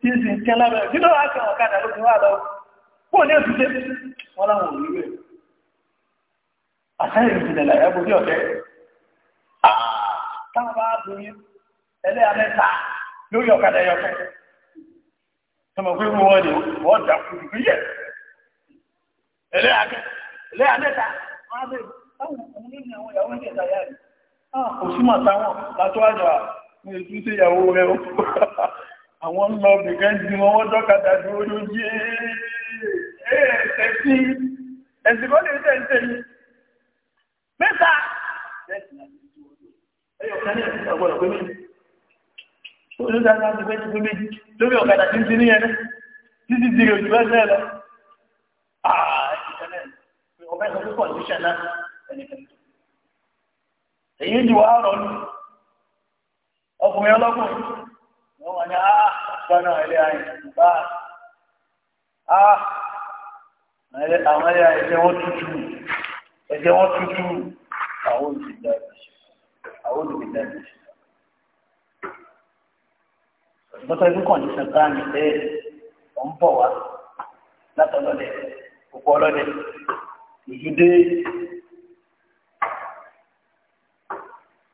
sin kẹ́lá rẹ̀ nínú àṣà sọmọ pé wọ́n ni wọ́n dà kú dùkú yẹ ẹlẹ́ àgẹ́ ẹlẹ́ àgẹ́ta wọ́n á bẹ̀rẹ̀ táwọn òun ní àwọn ìyàwó ní ẹ̀ta yára ah kò sí màtá wọn látọ́ àjọ à ní ètú sí ìyàwó rẹ o [LAUGHS] àwọn ń lọ bìkan jí wọn wọ́n dọ́kadà dúró lójú ẹ̀ ẹ̀ tẹ̀sí ẹ̀sìn kọ́ lè tẹ̀ ń tẹ̀ yìí mẹ́ta ẹ̀yọ̀kan ní ẹ̀sìn ọgbọ́dọ̀ pé mí olùdarí láti fẹ́ tuntun méjì lórí ọ̀kadà tí ń ti níyẹn títí ti rè jù bẹ́ẹ̀ lọ. Ah, ọ̀bẹ sọ pé kọ̀ǹdíṣàn náà ẹnìkan. èyí ń ju wàá rọ̀ lù ọkùnrin ọlọ́kùnrin wọ́n wà ní àgbọ̀nà ah, ẹ̀lẹ́ ayé bá a ah, àwọn ẹ̀lẹ́ ayé ẹ̀jẹ̀ wọ́n tutù ẹ̀jẹ̀ wọ́n tutù àwọn olùdíje lọ́tọ̀ ikú kọ̀ǹdíṣàn bá mi pé ọ̀ ń bọ̀ wá látọ̀lọ́dẹ òkú ọlọ́dẹ ìjúdé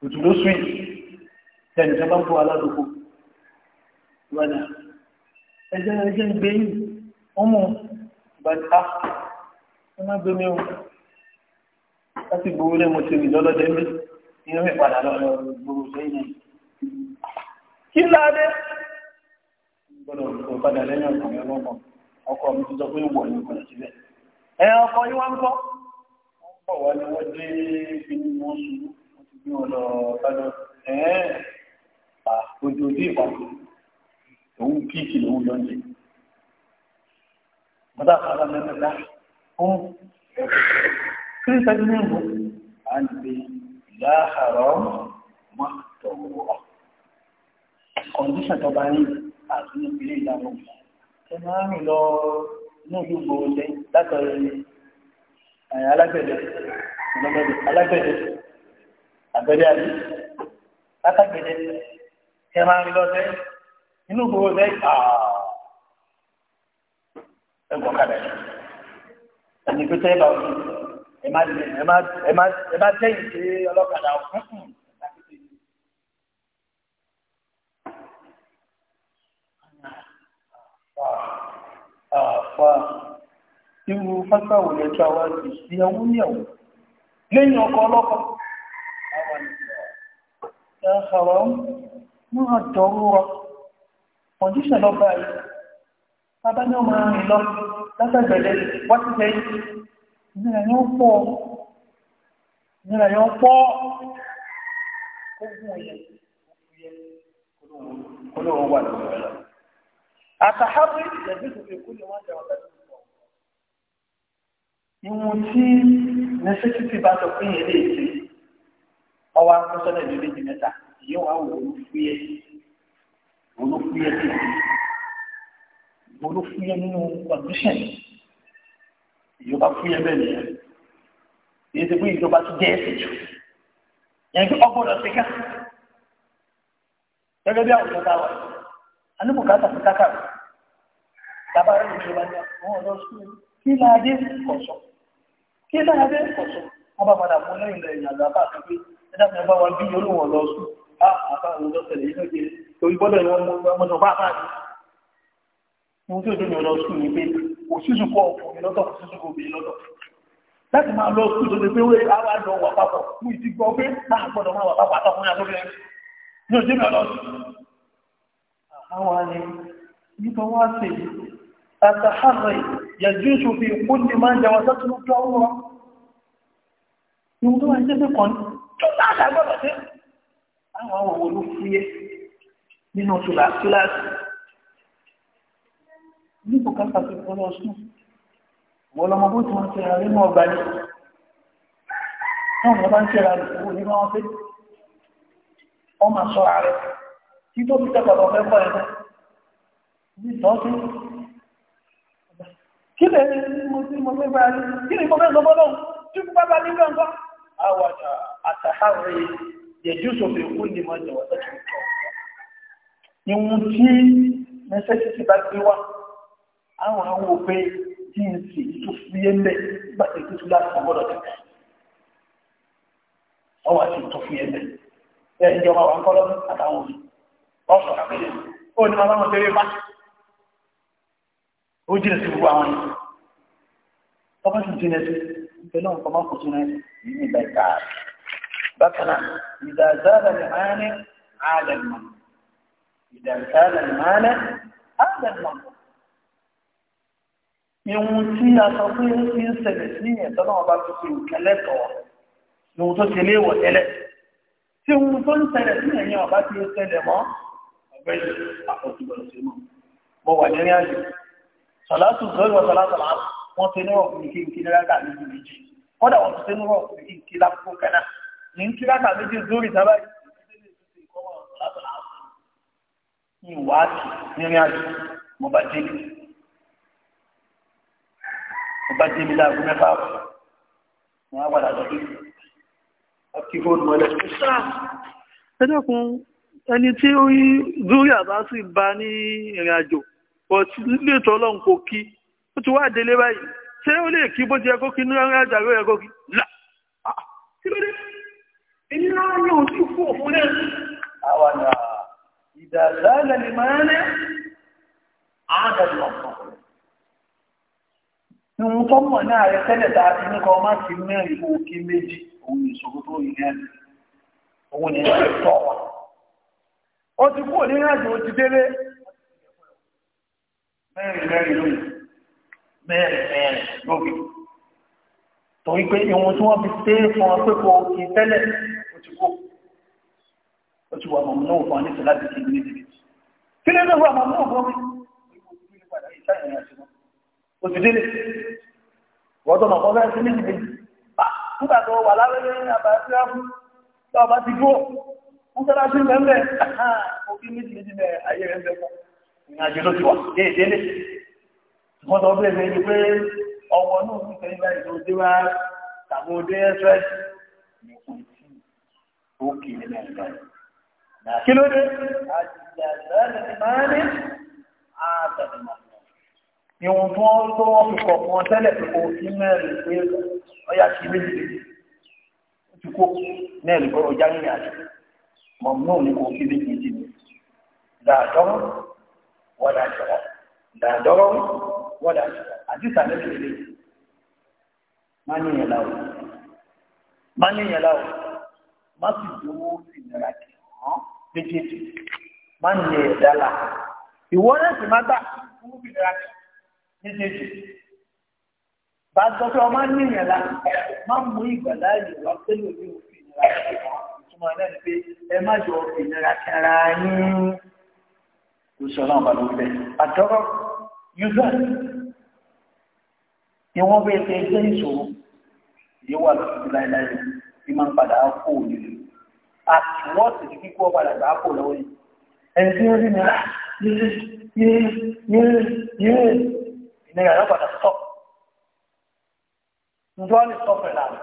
òtún ló sùn yìí tẹ̀lé tó bá ń bọ̀ aládùúgbò wọnà ẹjẹ́ ẹjẹ́ ń gbé yìí wọ́n mú bàtà wọ́n má gbé mi o láti gbowó lé mo ti rìn lọ́lọ́dẹ mi inú mi padà lọ́rọ̀ gbogbo sẹ́yìn kí ládé gbọ́dọ̀ kò padà lẹ́yìn ọkọ mi ọlọ́kọ ọkọ mi ti sọ pé wọ̀ ní ìkọlẹ̀ síbẹ̀. ẹ ọkọ yín wá ń kọ́ wọ́n wá ni wọ́n dé bí wọ́n sùn wọ́n ti gbé wọn lọ bájọ́ ẹ̀ ojú ojú ìpàdé òun kíkì lòun lọ jẹ. bọ́dà fara mẹ́mẹ́ fún kírí ní ìbò à ń gbé láàárọ̀ mọ́tò wọ̀ kọ̀ǹdíṣà tó bá àti níbi ilé ìdáná ẹ máa ń rìn lọ inú ìlú gbòòrò lẹ látọrẹ alágbẹ̀dẹ ìlọgbẹdẹ alágbẹ̀dẹ àgbẹ̀dẹ àbí látàgbẹ̀dẹ ẹ máa ń rìn lọ sẹ inú gbòòrò lẹ ẹ gbọ́ kadà yìí ẹni pété ẹ bá wù ẹ má tẹ̀yìn sí ọlọ́kadà ọ̀hún. àfà irú fásáwò lẹ́jọ́ àwọn àti ìyàwó níyàwó lẹ́yìn ọkọ ọlọ́kọ àwọn ìyàwó náà dọ̀rọ̀ kọ̀díṣẹ̀ lọ́gbà yìí bàbá ní ọmọ rìn lọ látàgbẹ̀lẹ̀ wá ti jẹ́ ìnira yóò pọ̀ ìnira yóò pọ̀ ogun òyìn olóòwò wà lọ́wọ́ àtàhábù ìjẹ̀bí kò fi kú ní wọ́n jẹun lẹ́nu pọ̀. ìwọ̀n tí necessity bá sọ fún yẹn lè ṣe ọwọ́ akọ́sọ́nà ìlú méjì mẹ́ta ìyẹn wàá wò ó fúyẹ́ wọ́n fúyẹ́ sí i wọ́n fúyẹ́ nínú condition ìjọba fúyẹ́ bẹ́ẹ̀ nìyẹn èyí ti fún ìjọba ti jẹ́ ẹ̀sìn jù yẹn kí ọgbọ́dọ̀ ṣe ká gẹ́gẹ́ bí àwùjọ táwọn a ní bùkátà fún kákà bàbá rẹ̀ ló ṣe wá ní àwọn ọ̀dọ́ sùúrù kí láadé kọ̀sọ̀ kí láadé kọ̀sọ̀ wọ́n bá padà mú lẹ́yìn lẹ́yìn àgbà bá àti pé ẹ̀dá mi bá wa bí olóhùn ọ̀dọ́ sùúrù á àbá àwọn ọ̀dọ́ tẹ̀lé inú ìgbé torí gbọ́dọ̀ ni wọ́n mú ọmọdé ọba àbá àti ohun tí ó dé mi ọ̀dọ́ sùúrù ni pé òṣìṣù kọ ọkùnrin lọ́tọ̀ òṣìṣù kọ obìnrin lọ́tọ̀ láti máa lọ sùúrù tó ti pé wé àwa lọ wà papọ̀ mú ìtì gbọ́ pé máa gbọ́dọ̀ máa wà papọ̀ àtọkùnrin àtọkùnrin ní òjì mi ọ̀dọ́ àwọn ni nípa wá sí àtàhàrẹ̀ yàjúṣù fi kún ní máa jẹun sátúnú tó wọ́n ìwọ̀n tó wà ní jẹ́ kan tó láàgbọ́dọ̀ sí àwọn àwọn olú fúyẹ́ nínú tùlàtùlàtù nípò kan pàtó ìpínlẹ̀ ọ̀sùn bá ń ṣe ra rẹ̀ wọ́n ní wọ́n fẹ́ sọ ààrẹ tí tó fi tẹ́kọ̀ọ́ lọ mẹ́fà ẹ̀rọ ní ìtọ́sí kí lè ní mo sí mo fẹ́ báyìí kí ni mo fẹ́ sọ bọ́lọ́ tí kú bábá ní gbọ́ngọ́ àwàdà àtàhárẹ yẹjú sọfẹ̀ kú ní mọ́ jẹ́ wọ́n ìwọ̀n tí necessity bá gbé wá àwọn àwọn òpin tí ń sì tó fi yé mẹ́ nígbà tí kútu láti ọgbọ́dọ̀ tẹ̀lé ọwọ́ àti tó fi yé mẹ́ ẹ̀ ìjọba wà ń kọ́ lọ́dún àtàwọn òbí ọ̀sọ̀ ó ní wọn bá wọn tẹ́lẹ̀ bá ó jìnà sí gbogbo àwọn yìí ọba sì jìnà sí pẹ̀lú ọkọ̀ máa kò jìnà sí ní ìgbà ìta bákan náà ìdàzára lè máa ní àádẹ́gbọ̀n ìdàzára lè máa ní àádẹ́gbọ̀n ìwọ̀n tí a sọ pé ó ti ń ṣẹlẹ̀ sí ẹ̀tọ́ náà bá fi òkè lẹ́tọ̀ọ́ ìwọ̀n tó ṣe léèwọ̀ tẹ́lẹ̀ tí ohun tó ń ṣẹlẹ̀ sí ẹ̀yìn ọ̀bá ti ń ṣẹlẹ̀ mọ́ pẹ́lú àkọsílẹ̀ ọ̀sẹ̀ mọ́. mo wà ní ríàjì sọ̀látù lọ́wọ́ sọ̀látù làá wọ́n ti níwọ̀ fún mi kí n kí níráka méjì méjì kọ́dà wọ́n ti ti níwọ̀ fún mi kí n kí lákòókò ní n méjì lórí sábà ìwádìí ní ríàjì mo bá délé ẹni tí ó rí zúrí àbá sì bá ní ìrìn àjò but létò ọlọ́run kò kí ó ti wá délé báyìí ṣé ó lè kí bó ti yẹ kó kí nínú ìrìn àjò yẹ kó kí là kí ló dé èyí náà ní ojú kú òfin náà àwọn àgbà ìdàgbà lẹ́nu máa ń àádọ́dún ọ̀kan nínú tó mọ̀ náà rẹ tẹ́lẹ̀ tá a ti ní kan má ti mẹ́rin kó kí méjì òun ìṣòro tó yẹ òun ni ẹ̀ tọ́ wa ó ti kú ní ìrìnàjò ó ti délé mẹ́rin mẹ́rin lóyìn mẹ́rin mẹ́rin lóbi torí pé ìwọ̀n tí wọ́n fi pé fún ọ pé kò kì í tẹ́lẹ̀ ó ti kú ó ti wà mọ̀mọ́ náà fún ọ nítorí láti kí ní ìdílé kí ló ń wà mọ̀mọ́ náà fún mi ó ti délé wọ́n tó mọ̀ fún ọ bẹ́ẹ̀ sí ní ìdílé nígbà tó wà lábẹ́lẹ́ ní àbáyé tí wọ́n bá ti dúró mọ́sálásí mẹ́mẹ́ òkè méjì méjì mẹ́ ayé rẹ̀ mẹ́ fún ìrìnàjò ló ti wà ní ìdílé wọ́n tọ́ bẹ́ẹ̀ mẹ́rin pé ọwọ́ náà ti fẹ́ nígbà ìlú òde wá tàbí òde ẹ̀fẹ́ ní òkun tí òkè ní mẹ́rin kí ló dé àjìjàgbá ni máa ní àtàlùmọ̀ ìwọ̀n tó wọ́n tó wọ́n fi kọ̀ fún ọ tẹ́lẹ̀ pé kò sí mẹ́rin pé ọyà kí ممنوع يكون في بيت يتيم لا ضرر ولا شرع لا ضرر ولا شرع حديث عن النبي ما ني يلاو ما ني يلاو ما في دو في نراك بيجيتي ما ني يدالا ìwọ́nà sì máa gbà fún bìnrin àti méjèèjì bá a sọ pé ọmọ níyàn la máa mú ìgbàláyè wá pẹ̀lú ojú òfin ìlànà ìwọ̀n túmọ̀ náà ni pé ẹ má jọ ìnira kẹra yín kò sọ náà bá ló fẹ́ àtọ́rọ́ yúgà ni wọ́n bẹ́ẹ̀ fẹ́ jẹ́ ìṣòro yóò wà lọ́sọ̀tún láéláé bí máa ń padà kó òye àtúwọ́sì ní kíkọ́ padà gbà kó lọ́wọ́ yìí ẹni tí ó rí mi rà ah, yéé yéé yéé yéé ìnira yóò padà sọ ǹjọ́ ni sọ pẹ̀lú àwọn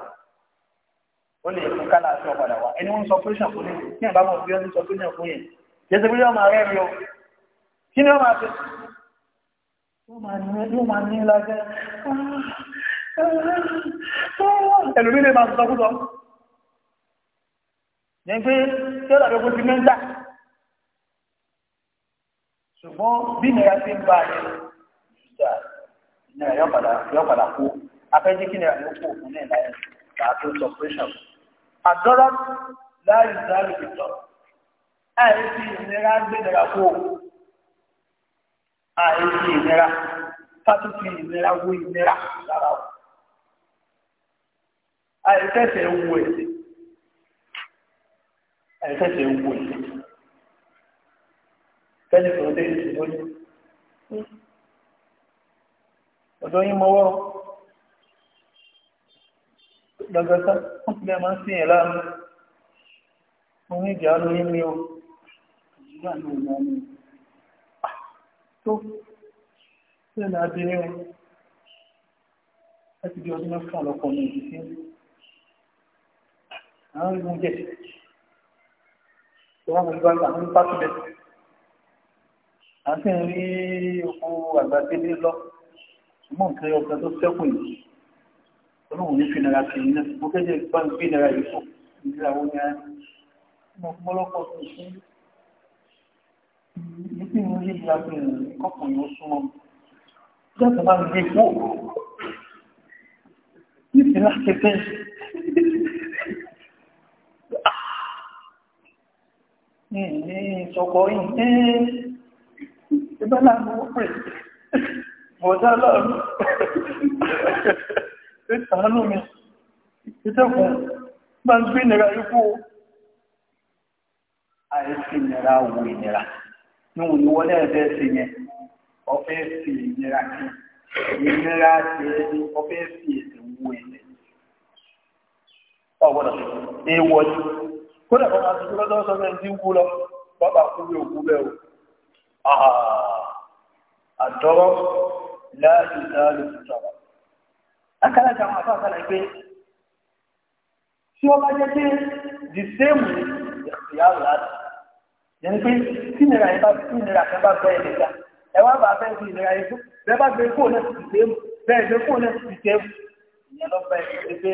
ó lè fún kálá àti ọ̀padà wá ẹni wọ́n sọ pẹ́ṣọ̀ fún yẹn kí ẹ̀ bá mọ̀ bí wọ́n sọ pẹ́ṣọ̀ fún yẹn jẹ́sẹ̀ bí wọ́n máa rẹ́ rí o kí ni wọ́n máa fi yóò máa ní lájẹ́ ẹlòmí lè máa sọ púpọ̀ yẹn pé tí ó dàbí ogun ti mẹ́ńtà ṣùgbọ́n bí nìyà ti ń bá a ní ìyá yọ̀ padà kú afẹ́jẹ́ kí ni àwọn kò fún ní ìlànà ìgbà tó sọ pé ṣàkóso àdọ́rọ́ láàyè ìdáàbò ìtọ́ àyè fi ìnira gbẹ̀dẹ̀ra kó àyè fi ìnira fátó fi ìnira wó ìnira lára o àyè fẹsẹ̀ ń wo ẹ̀sẹ̀ àyè fẹsẹ̀ ń wo ẹ̀sẹ̀ fẹ́ni tó dé ìdílé ọdún yìí mọ́wọ́ gbàgbàtà wọ́n ti lẹ́mọ́ sí ẹ̀ láàmú mo ní ìjà ló yé mi o ìjìyà ní ìlànà mi tó ṣe náà di ní o láti di ọdún mẹ́fà lọ́pọ̀ ní ìdí sí àwọn ìlú tó wọ́n mú ìgbà àwọn ìpá tó bẹ̀ à ń sì ń nǹkan ọ̀gá tó ṣẹ́kù yìí ọlọ́run ní fìnira sí iná mo fẹ́ jẹ́ ìgbà ìgbénira yìí fún ìdílé àwọn ní ara mo mọ́lọ́pọ̀ tó ṣe ní kí mo yé ìyá pé kọ́kùnrin ó súnmọ́ jáde bá mi gbé kú nítorí láti fẹ́ ní ìṣọ̀kọ̀ yìí ní pẹ̀lú bọ̀dá lọ́rùn ìtànú mi ìtẹ́kùn bá ń gbé nira ikú àìsí nira wò ìnira ní òun ìwọlé ẹ̀dẹ́ sí yẹn ọfẹ́ sí ìnira kí ìnira ti ẹni ọfẹ́ sí ètò wò ẹ̀dẹ́ ọgbọ́dọ̀ èèwọ̀ ni kódà bọ́ máa tuntun lọ́dọ́ sọ́fẹ́ ń dínkù lọ bọ́bà kú bí òkú bẹ́ẹ̀ o àdọ́rọ́ láti dáàlù tọ̀rọ̀ lákàlàkà àwọn àfáà sálà pé tí wọ́n bá jẹ́ pé the same ìyàwó láti yẹn pé tí nira yẹn bá tí nira kan bá bẹ́ ẹ̀ nìkan ẹ wá bá bẹ́ẹ̀ fi nira yẹn bẹ́ẹ̀ bá gbé kó lẹ́sì ti sẹ́mu bẹ́ẹ̀ gbé kó lẹ́sì ti sẹ́mu ìyẹn lọ bá ẹ̀ pé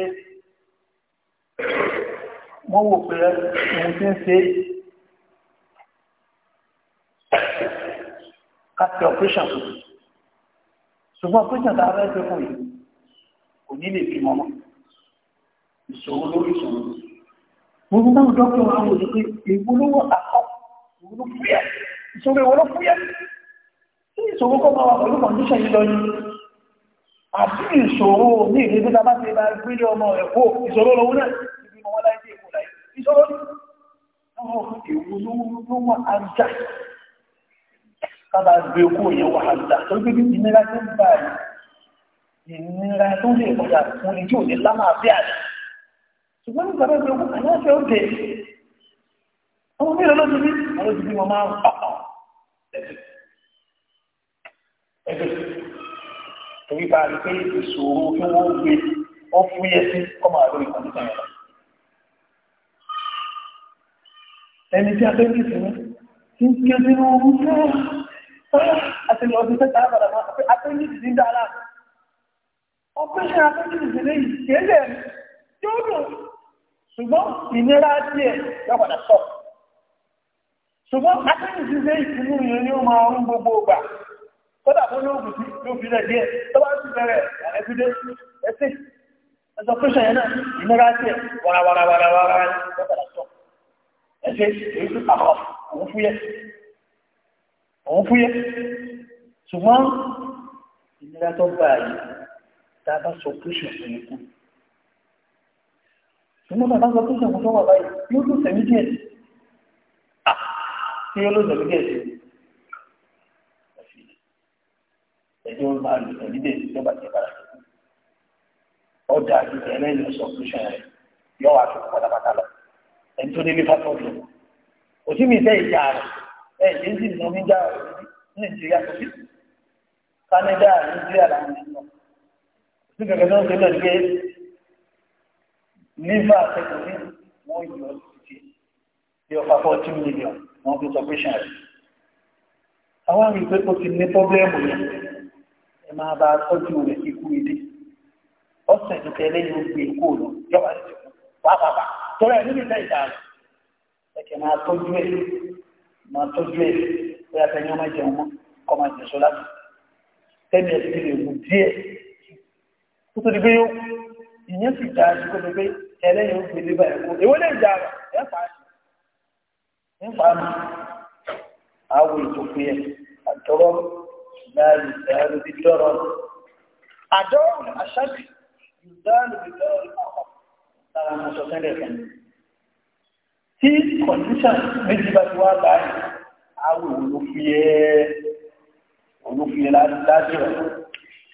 wọ́n wò pé òun ti ń ṣe káàkiri operation ṣùgbọ́n operation tá a fẹ́ ṣe fún yìí kò lè fi mọ́mọ́ ìṣòro lórí ìṣòro mo ní báwo dókítà wa wò ní èwo ló wọ àkọ́ èwo ló fúyà ìṣòro èwo ló fúyà tí ìṣòro kọ́ máa wà pẹ̀lú kọ̀ǹdíṣàn yìí lọ yìí àti ìṣòro ní ìrírí tá a ti bá gbélé ọmọ rẹ̀ kó ìṣòro lòun náà ibi mọ́ wọn láì èkó láì ìṣòro ní ọ̀rọ̀ èwo ló wọ àjà kábàá gbé okó yẹn wà tó gbé bí ìnira tó ń bá yìí ìnira tó lè padà fún ni tí ò ní lámàáfíà rẹ̀ ṣùgbọ́n nígbà tó ṣe ogún àyànfẹ́ ó dé ọmọ mi lọ́dún ní àwọn òbí wọn máa ń pàpà ẹgbẹ́ torí bá rí pé ìṣòro tí wọ́n gbé ọ fún yẹ sí ọmọ àlọ́ ìkànnì kan yàrá ẹni tí a fẹ́ kí sinmi kí n kí o sínú ooru fún àti ah, lọ́dún tẹ́ta àbàdàn máa àtẹ́yìn ìdí dáadáa ọpẹ́ṣẹ́ afẹ́kìrì ìdílé ìkéèlè yóò dùn ṣùgbọ́n ìnira díẹ̀ lọ́pàdà sọ ṣùgbọ́n afẹ́kìrì ìdílé ìkìlú yìí ni máa ń gbogbo ọgbà kódà tó ní òkùtì ló fi rẹ̀ ṣùgbọ́n ìnira tó bá yìí tá a bá sọ pẹ́ṣẹ̀ fún ikú ṣùgbọ́n bàbá sọ pẹ́ṣẹ̀ fún sọ́wọ́ báyìí yóò tó ah, sẹ̀mí díẹ̀ sí tí yóò ló sẹ̀mí díẹ̀ sí ẹjọ́ máa lò sẹ̀mí díẹ̀ sí tó bá ti bára ọjà àjùjẹ lẹ́yìn sọ pẹ́ṣẹ̀ rẹ̀ yọ wá fún pátápátá lọ ẹni tó délé fásitì òsì mi fẹ́ ìjà rẹ̀ ẹ̀ ẹ̀ ń sì ní omi já rẹ̀ ní Nàìjíríà tó fi Canada Nàìjíríà làwọn ènìyàn ní kẹ̀kẹ́ tó ń ṣe náà gbé nígbà àtẹ́kùn ní wọ́n yọ sí bí ọ̀pá fourteen million wọ́n fi sọ patient rẹ̀. àwọn àmì pé ó ti ní pọ́blẹ́mù yẹn ẹ máa bá tọ́jú rẹ̀ ikú ilé ọ̀sẹ̀ tó tẹ̀lé yóò gbé ikú lọ yọ̀wá sí pàápàá tọ́lá ẹ̀ níbi tẹ́ ìdá rẹ̀ ẹ̀kẹ́ máa tọ́jú ẹ̀ máa tọ́jú ẹ̀ bóyá fẹ́ ní ọmọ ìjẹun mọ́ kọ́ máa jẹ̀ kó tó di pé yóò ìyẹn sì dá aṣọ kó pé ẹlẹ́yìn ó gbélé báyìí kó èwo lè dà rà ẹ pa á ń pa á mọ àwọn ètò pé ẹ àtọwọ láàyè ìdáàlú bí dọrọ àdọrọ àṣàkì ìdáàlú bí dọrọ àwọn lára àwọn sọ fẹlẹ kan tí kọndíṣàn méjì bá ti wá báyìí àwọn olùfiyẹ olùfiyẹ láti dájú rẹ.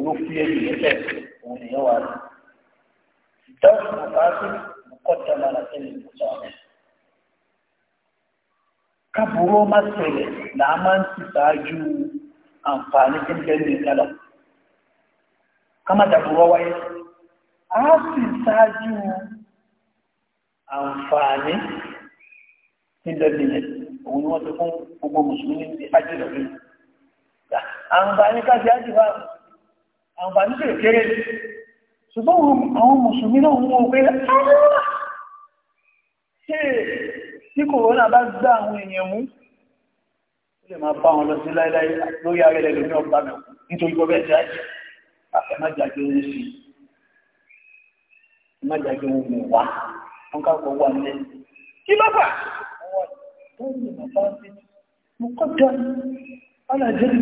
ló fi ẹ̀yìn nílẹ̀ òun ni yẹn wà lọ. ìtọ́jú mọ̀káàtì mọ̀kọ́tà máa láti lè mú sọ rẹ̀. kábùrú má ṣẹlẹ̀ làá máa ń ti ṣáájú àǹfààní tí ń bẹ ní ìkálọ̀. ká má dàbúrọ̀ wáyé. sì ṣáájú àǹfààní tí ń bẹ ní ìyẹn òun ni wọ́n ti fún gbogbo mùsùlùmí ní ájì lọ́dún. àǹfààní ká ti ájì bá àǹfààní sí òkèrè ṣùgbọ́n àwọn mùsùlùmí náà mú pé ah! ṣe tí kòrónà bá gbá àwọn èèyàn mú ó lè máa bá wọn lọ sí láíláí lórí ara ẹlẹ́ lórí ọgbà mẹ́kù nítorí gbọ́ bẹ́ẹ̀ jáde àfẹ́ ah, má jẹ́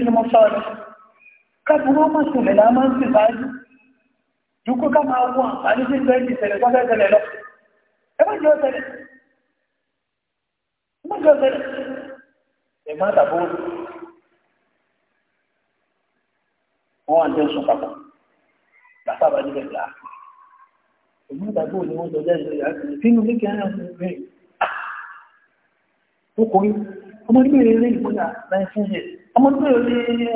nítorí kábùrú ọmọ ṣẹlẹ̀ la máa ń sì báyìí dúkú ká máa wọ àǹfààní sí ìgbẹ́ ìṣẹ̀lẹ̀ tó fẹ́ ṣẹlẹ̀ lọ ẹ má jẹ́ ọ̀ṣẹ̀lẹ̀ ẹ má jẹ́ ọ̀ṣẹ̀lẹ̀ ẹ má tàbó wọn wà jẹ́ sùn papọ̀ làfà bá níbẹ̀ là èmi tàbó ni wọ́n jọ jẹ́ ìṣẹ̀lẹ̀ àti sínú ní kí á yàn fún mi tó kọrin ọmọ nígbà eré ìgbóná 19 years ọmọ nígbà eré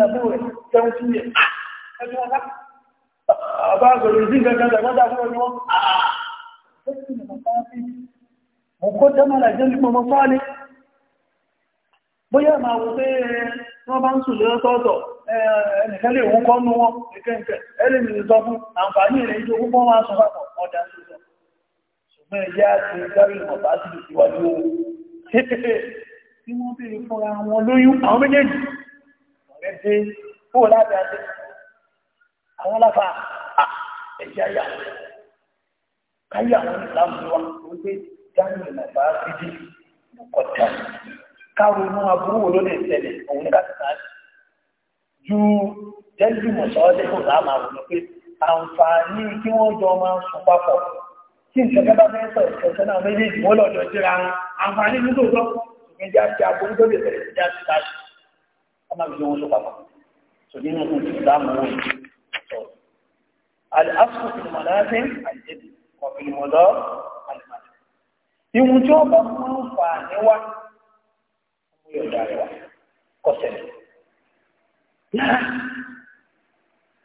àbúrò ẹ̀ 17 years ah! ẹgbẹ́ [LAUGHS] tí wọ́n bèèrè fọ́ra wọn lóyún àwọn méjèèjì ọ̀rẹ́ dé ó láti àti àwọn láfa ẹ̀jẹ̀ àyà káyà wọn láàmú wa wípé dání nàbà fídí ọ̀tá káwọn inú aburú wo ló lè tẹ̀lé òun ní káàkiri káàkiri ju jẹ́jú mọ̀sọ́ọ́dẹ́ kò láàmú àwọn ọ̀nà pé àǹfààní kí wọ́n jọ máa ń sùn papọ̀ tí ìṣẹ̀kẹ́ bá fẹ́ sọ ìṣẹ̀kẹ́ náà méjèèjì wọ́n lọ́jọ́ síra wọn àǹfààní nítorí ẹjẹ àti àpò ní tó lè bẹ̀rẹ̀ ẹjẹ àti táyì ọmọ mi ló ń sọ papọ̀ sọ nínú kò tí ìsìlámù wọn sọ àlùfáàfù fìlì mọ̀láṣẹ́ àìjẹ́bì ọ̀fìlì mọ̀lọ́ àlùfáàfù ìwùn tí ọba máa ń fà níwá ọmọ yóò dá rẹwà kọsẹ̀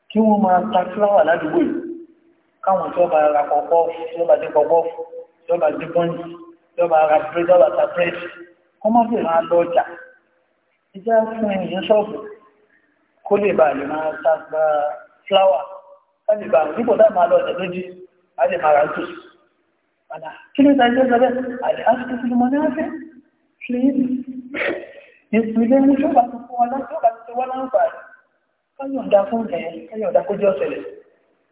kí wọ́n máa ta fúláwà ládùúgbò yìí káwọn tí ọba ra kọ̀ọ̀kọ́ tí ọba dín kọ̀ọ̀kọ́ tí ọba dín bọ́ǹdì tí ọba ra bírèdì ọba ta bírèdì kọ́mọ́ lè máa lọ ọjà ìjẹ́ fún èèyàn ṣọ́ọ̀bù kó lè bá lè máa tàgbà fúláwà láti bá nípò dá máa lọ ọjà lójú a lè máa ra tó padà kí ló dájọ́ lọ bẹ́ẹ̀ àlè àsìkò tí mo ní á fẹ́ kí lè yìí ìpìlẹ̀ ní ṣọ́ọ̀bà tó fún wa láti ọ̀bà tó wá láǹfààní káyọ̀ǹda fún ẹ̀ káyọ̀ǹda kó jọ́ ṣẹlẹ̀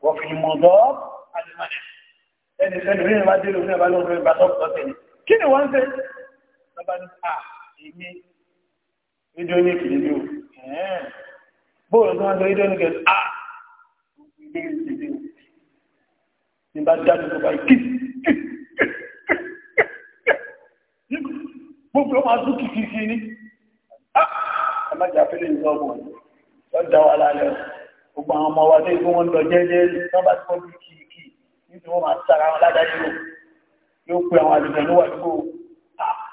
wọ́n fi mọ̀ dọ́ ẹni sẹ́ni lọ́ba ní à èmi rédíò ní ìkìlẹ̀ ní o bóòlù tí wọ́n sọ rédíò ní ìkìlẹ̀ à gbogbo ilé ìdílé o ní bá dájú tó bá kí gbogbo ọmọ azú kìkìkì ni à ẹ má jà fílẹ̀ ní sọ́ọ̀bù wọ́n dá wa lálẹ́ o gbogbo àwọn ọmọ wa dé ibi wọn lọ jẹ́jẹ́ lọ́ba tí wọ́n kìkì nítorí wọ́n máa sára wọn ládàá yìí o yóò pe àwọn àlùfẹ́ níwájú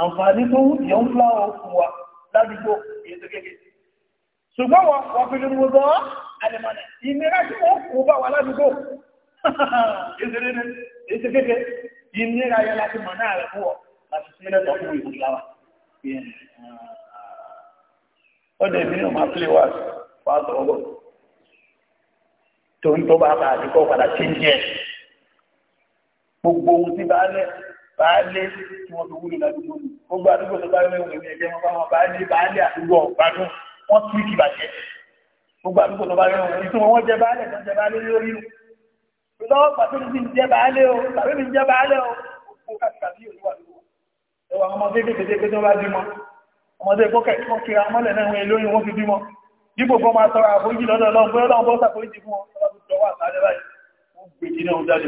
àǹfààní tó yẹ ń lá ọkùn wa ládùúgbò èyí tó kéèké ṣùgbọ́n wọ́n wọ́n fi lórí gbogbo alẹ́mọ̀nà ìnira tí wọ́n kò bá wa ládùúgbò èyí tó kéèké ìnira yẹn láti mọ̀ náà rẹ̀ fún ọ láti sílẹ̀ tó fún ìlú láwa ah, ó dẹ̀ mí ní ọmọ àpilẹ̀ wa wà sọ̀rọ̀ tó ń tó bá bá àdúgbò baálé tí wọ́n fi wúlò ládùúgbò ni gbogbo àdúgbò tó bá yọ ìwé mi ẹ̀jẹ̀ wọn bá wọn baálé baálé àdúgbò ọ̀gbádùn wọ́n tún kì bàjẹ́ gbogbo àdúgbò tó bá yọ ìwé ìtumọ̀ wọn jẹ baálé tó jẹ baálé lórí o lọ́wọ́ pàtó mi ń jẹ baálé o tàbí mi ń jẹ baálé o gbogbo kàtàkì òní wà lọ́wọ́ ẹwà ọmọ kéékèèké tó bá bímọ ọmọdé kókè kó kira mọ́lẹ̀ náà wọn lóyún wọn fi bímọ dípò fún ọmọ àtọrọ àforíjì lọ́dọ̀ ọlọ́run pé ọlọ́run bó sàforíjì fún ọ ọlọ́run tó wà sáré báyìí wọ́n gbèjì náà jáde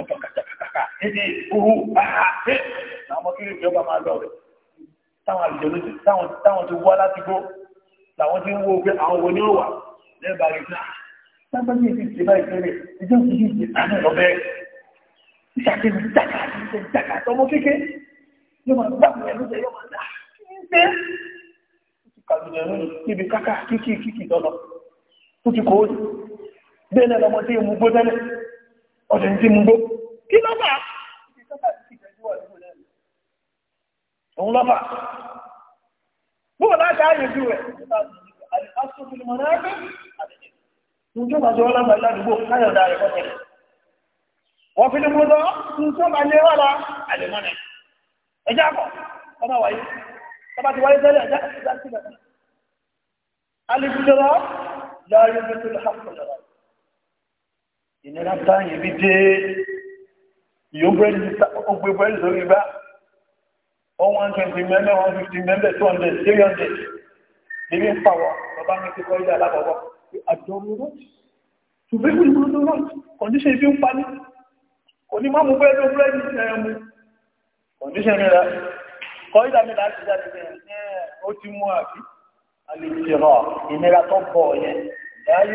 àtọkàtà kàkà níbi ìkúrú àhàfẹ́ àwọn ọmọ kílì ìjọba máa lọ rẹ̀ táwọn àlùjọ táwọn ti wá láti gbó làwọn ti ń wo pé àwọn òní ò wà lẹ́bàá rí ah, náà lágbàjì ti ṣe bá ìpínlẹ̀ ìjọ ti ṣe ìṣe àmì ọ̀bẹ ìṣàkíyèsí jàkà àti jàkà tọmọ kéke yóò máa gbà mí ẹnu jẹ yóò máa dà kí n ṣe kàdùnẹ̀ lónìí níbi kákà kíkì kíkì tọ́lọ tó ti kọ́ ó bẹ́ẹ̀ náà lọmọ tí mo gbó tẹ́lẹ̀ ọ̀sẹ̀ tí mo gbó kí ló fà òun lọ́fà bóò láti àyèjú rẹ̀ wọ́n fi ní mú lọ tó bá ní wà lọ àlèmọ́nà ẹjá pọ̀ ọmọ wáyé tọba ti wáyé tẹ́lẹ̀ ẹjá ìjá sílẹ̀ alìbìlọ́rọ̀ lọ́rí mẹ́tọ́lọ́ ìnira báyìí bí dé ìyó búrẹ́dì ó gbé búrẹ́dì sórí bá one twenty mẹ́lẹ̀ one fifty mẹ́lẹ̀ two hundred three hundred níbi ń pàwọ̀ bàbá mi ti kọ́ ilé alábọ̀bọ̀ àjọrò rọ̀ ṣùgbọ́n ìlú ìlú rọ̀ kọ̀ndíṣẹ́ ibi ń pa ní kò ní má mú búrẹ́dì búrẹ́dì ẹ̀ mú kọ̀ndíṣẹ́ mi rẹ̀ kọ́ ilé mi láti jáde ẹ̀ ó ti mú àbí àlejò rọ̀ ìnira tó bọ̀ yẹn láyé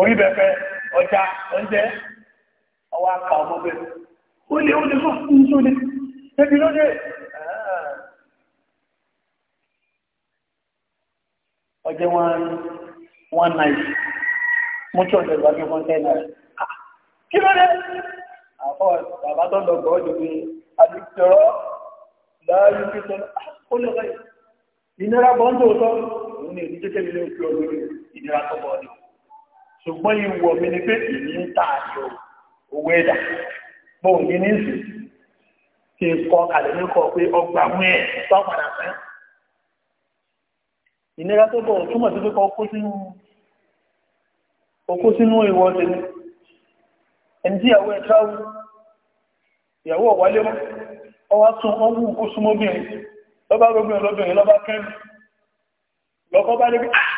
orí bẹ̀fẹ̀ ọjà oúnjẹ ọwọ́ aka ọmọ bẹ̀rẹ̀ ó lè ó lè fún un tó lè débi lóde ọjọ́ wọn wọn náà yìí mú tí ọjọ́ ìgbà tó fún tẹ́lẹ̀ ah, kí ló dé àfọ bàbá tó lọ gbọ́ ọjọ́ pé àdìsọ́rọ́ láàyè kí ah, tó ó lè rẹ̀ ìnira bọ́ńdò tó òun ni ìdíjẹ́kẹ́ mi lè fi ọdún ìnira tó ọdún ṣùgbọ́n ìwọ̀ mi ni pé ìní ń tà àjọ owó ẹ̀dà mo ò ní níìsì kí n kọ kalẹ̀ ní kọ pé ọgbà mú ẹ̀ tó padà fẹ́. ìnira tó bọ̀ túmọ̀ sí pé kọ kó sínú okó sínú ìwọ tèmi ẹni tí ìyàwó ẹ̀ tíráwù ìyàwó ọ̀wálé mọ́ ọwá tún ọwú kó súnmọ́bìnrin lọ́bá gbogbo ẹ̀ lọ́bìnrin kẹ́rin lọ́kọ́ bá dé ah!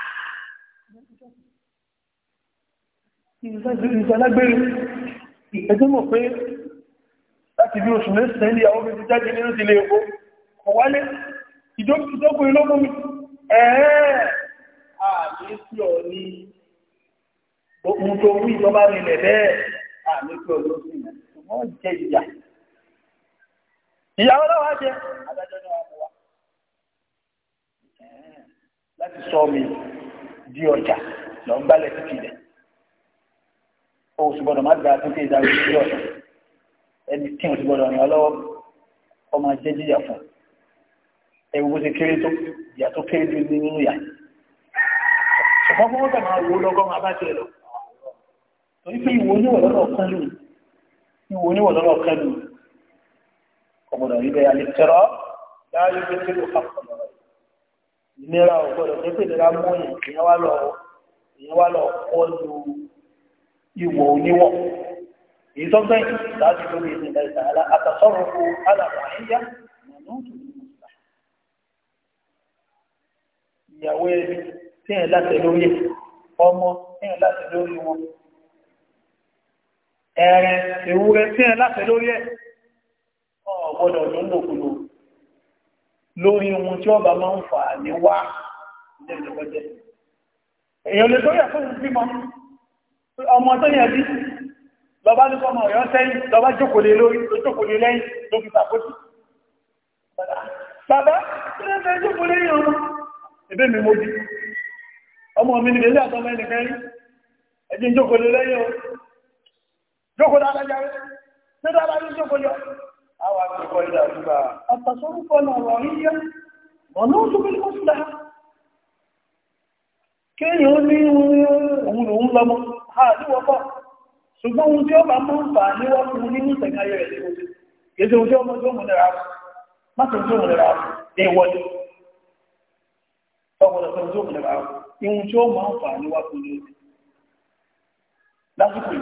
ìṣẹ́lágbé ẹjọ́ mọ̀ pé láti bí oṣù mẹ́sàn ilé àwọn obìnrin jáde nínú ilé epo kò wálé ìdókùn ilógún mi ẹ̀ẹ́ àmìsí ọ̀ ní ohun tó wí ìjọba rinlẹ̀ bẹ́ẹ̀ àmìsí ọ̀ lóṣù wọ́n jẹ ìyà ìyàwó lọ́wọ́ jẹ adájọ́ náà wà láti sọ mi di ọjà lọ ń gbálẹ̀ sí ilẹ̀ oṣù gbọ́dọ̀ má gba tó ké ìdarí sí ọ̀sán ẹni tí oṣù gbọ́dọ̀ ràn lọ́wọ́ ọmọ jẹ́ jíjà fún ẹ̀rù bó ṣe kéré tó ìyà tó kéré tó ní nínú ìyà ṣùgbọ́n fún wọn kàn máa wo lọ́gọ́rùn-ún abájẹ́ lọ torí pé ìwò oníwọ̀ lọ́nà ọ̀kan lù ìwò oníwọ̀ lọ́nà ọ̀kan lù ọgbọ̀dọ̀ rí bẹ́ẹ̀ alẹ́ tẹ́rọ láàrín pé kí ló fà ìnira ọgbọ̀dọ̀ pé pé ìnira mú èèyàn wá lọ kọ́ lu ìwọ̀ oníwọ̀ ìtọ́gbẹ́ láti lórí ìsìn ìdájọ́ àlá àtàsọ́rọ̀ kó alàbà ẹ̀yà nàánú tó ní mùsùlá. ìyàwó ẹni tí ẹ̀ láti lórí ọmọ tí ẹ̀ láti lórí wọn ẹ̀rin ìwúrẹ́ tí ẹ̀ láti lórí ẹ̀ ọ̀gbọ́dọ̀ ló ń lòkulò lórí ohun tí ọba máa ń fà ní wá ní ẹ̀lẹ́gbẹ́jẹ́ èèyàn lè tó yẹ fún ìbímọ ọmọ tó yẹ bí lọba ní kọmọ ọ̀yọ́ sẹ́yìn lọba jókòlé lórí tó jókòlé lẹ́yìn ló fi sàkóso bàbá tí ó fẹ́ jókòlé yìí ọmọ ẹ̀bẹ́ mi mojú ọmọ mi ní ilé àtọ́mọ ẹnìkan rí ẹjẹ́ jókòlé lẹ́yìn o jókòlé alájá rẹ̀ tí ó dára ní jókòlé àwọn akẹ́kọ̀ọ́ ilẹ̀ àdúgbà àtàṣọ́rúkọ náà rọ̀ yíyá ọ̀nà òṣùgbọ́n ó sì dáa kéèyàn ní òun lọ́mọ àdúwọ́pọ̀ ṣùgbọ́n ohun tí ó bá mọ́ ń fà ní nínú ìtẹ̀gáyé rẹ̀ lè wọ́n kéde ohun tí ó mọ́ tó mú mú nira lè wọlé ọgbọ̀dọ̀ mú nira ní wọ́n fún nínú lásìkò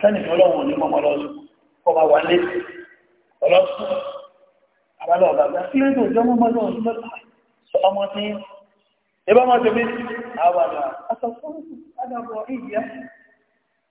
kẹ́nì ọlọ́run ní mọ́mọ́ lọ́sùn kọ́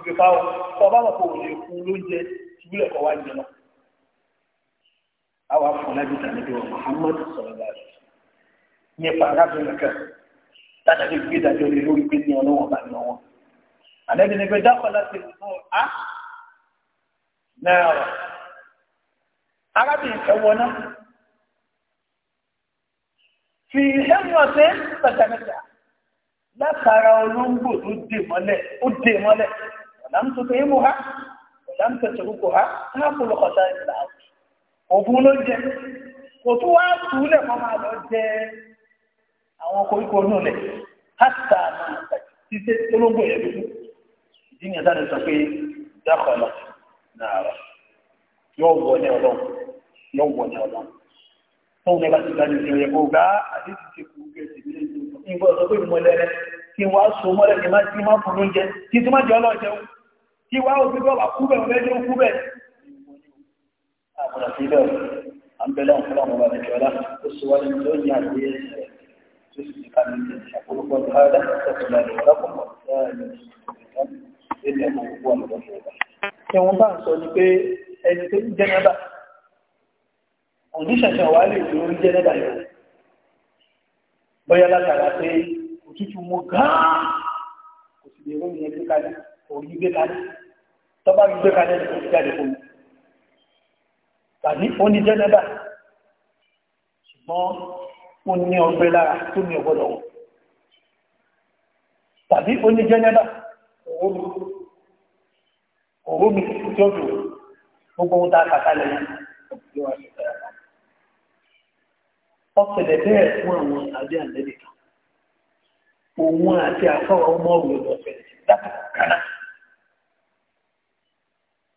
ìpè fáwọn tó ọba mọ̀ kó o lè fún lóúnjẹ ìbílẹ̀ kọ́ wá jẹ lọ. àwọn afọlájú tàbí wọn Muhammadu sọ̀rọ̀ báyìí nípa arábìnrin kan tàbí gbé dájọ́ lé lórí pé ní ọlọ́wọ́n bá ní wọn. àlẹ́bí ni pé dákọ̀ láti fún a náírà arábìnrin kan wọná fi ẹ̀mí ọ̀sẹ̀ pẹ̀tẹ̀mẹ̀tẹ̀ látara olóńgbò tó dè mọ́lẹ̀ ó dè mọ́lẹ̀. لم تطعمها ولم تتركها تاكل خسائر الارض òfun ló jẹ kò tún wá túlẹ̀ kọ́ máa lọ jẹ àwọn koríko inú lẹ̀ hátà náà títí olóńgbò yẹn dúdú ìdí yẹn sáré sọ pé dákọ̀ lọ nàárọ̀ yóò wọ ní ọlọ́run yóò wọ ní ọlọ́run tóun lẹ́ka ti dájú sí ẹ̀kọ́ gbá àdéhùn ti kú gẹ̀ẹ́sì ní ìlú ìgbọ́ sọ pé ìmọ̀lẹ́rẹ́ kí n tí wàá òbí bọ́ wà kú bẹ̀ wọ́n lẹ́jọ́ kú bẹ̀. àbúrò sílẹ̀ àǹbẹ̀lẹ̀ ọ̀fọlọ́ ọmọ bàbá ìjọba ó sọ wáyé tó ní àgbé ẹsẹ̀ tó sì ti ká ní àkókò ọ̀dọ́ ṣe wọ́n bá ń sọ ní pé ẹni tó ń jẹ́nẹ́bà òníṣẹ̀ṣẹ̀ wà lè tó ń jẹ́nẹ́bà yẹn bóyá látara pé òtútù mú gáà kò sì lè rómi ẹgbẹ́ kalẹ̀ òní gbé kalẹ̀ tọ́bá gbé kalẹ̀ lè fi jáde fún tàbí ó ní jẹ́nẹ́bà ṣùgbọ́n ó ní ọgbẹ́ lára tó ní ọgbọ́dọ̀ wọ̀ tàbí ó ní jẹ́nẹ́bà òwúmi òwúmi tí ó dùn gbogbo ohun tá a kàkálẹ̀ yẹn ọ̀pẹ̀lẹ̀ bẹ́ẹ̀ fún àti àfọwọ́ ọmọ òwúrọ̀ ọ̀pẹ̀lẹ̀ dákàkàrà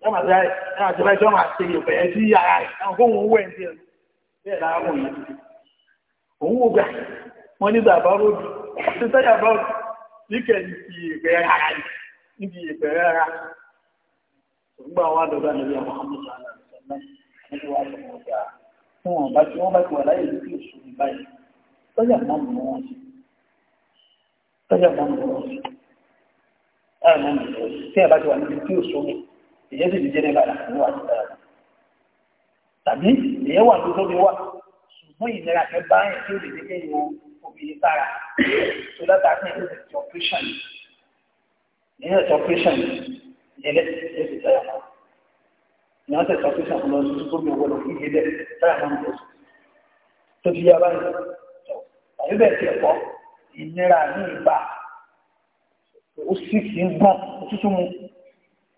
wọ́n máa tẹ́ ẹ tí wọ́n máa ṣe ìyọ̀pẹ̀ ẹ sí ara ara rẹ̀ níbi ara ṣùgbọ́n àwọn àdọ́gbà níbi àwọn àmúṣà fún wọn bá tí wọ́n bá ti wà láyé lókè tí ẹ bá ti ìyẹn sì ti jẹ́ nígbà láti wà sí dára tàbí ìyẹn wà lóṣọ́ mi wà ṣùgbọ́n ìlera fẹ́ bá yẹn tí ó lè dégbé yọ obìnrin sára tó látà pé ó ti operation ìyẹn ti operation ìyẹn lẹ́sẹ̀ ìyẹn ti sára mọ́ ìyẹn ti operation fún lọ sí gómìnà wọlé fún ìyẹn lẹ́sẹ̀ sára mọ́ nígbà tó ti yá báyìí tàbí bẹ́ẹ̀ ti ẹ̀kọ́ ìnira ní ìgbà ó sì kì í gbọ́n òtútù mu.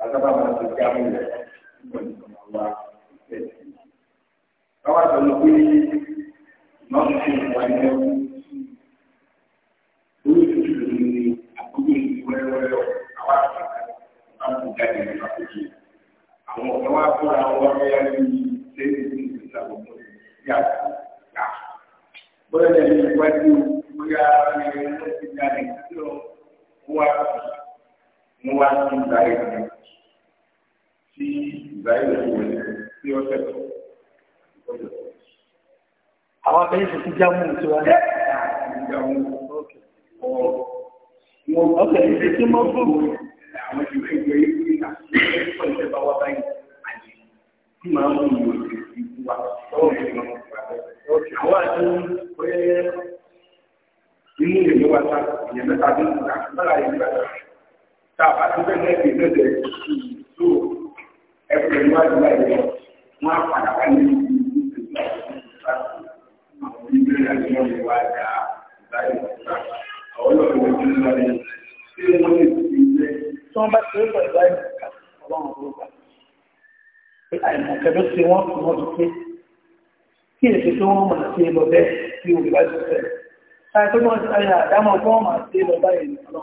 lágbàbà máa ti já mú rẹ̀ nígbà tí wọ́n wá ìfẹ́ sí i. káwá sọ ló pé nọ́ọ̀sì tó ń wá ilé ọkùn lórí ìṣòro ní àkókò ìwẹ́rẹ́wẹ́rẹ́ àwa àti ìjáde ní àkókò àwọn ọ̀gá wa kó ra ọwọ́ rẹ̀ ní lẹ́yìn tí ìlú ìsàbọ̀ mọ́ sí àkókò yá. bọ́lá ní ìwádìí bóyá ẹni tó ti jáde sí ọ wá sí wọ́n wá sí ìgbáyé rẹ̀ tí ìgbáyé rẹ̀ wọ̀ sí ọ̀sẹ̀ tó. Àwọn abẹ́yẹ̀ sọ sí jámù tí wọ́n ní. Jámù wọn ọ̀sẹ̀ ìṣe tí mo fún mi. Àwọn ìwé ìwé ìwé náà ṣe é bá wá báyìí àjẹ́ tí màá mú ìwé ìwé wa lọ́wọ́ mi lọ. Àwọn àti pé inú ìlú wa ta ìyẹn mẹ́ta bí ìgbà bára ìgbà tá a bá tó bẹ́ẹ̀ lẹ́ẹ̀kì lẹ́sẹ̀ tó ẹgbẹ̀rún níwájú láì lọ wọn á padà wá ní ìgbésẹ̀ àti wọn lè wá dá láì lọ àwọn olóòtú ló ń lọ ní ṣé wọn lè fi ilé. tí wọn bá ti rí pẹ̀lú láì lọ Ọlọ́run ló gbà pé àìmọ̀kẹ́ ló ṣe wọ́n fún ọdún pé kí èsì tó wọ́n máa ṣe lọ bẹ́ẹ̀ tí olùbájú sẹ́lẹ̀. Táyé tó wọ́n ṣe àyà àdámọ̀ tó wọ́n máa ṣe lọ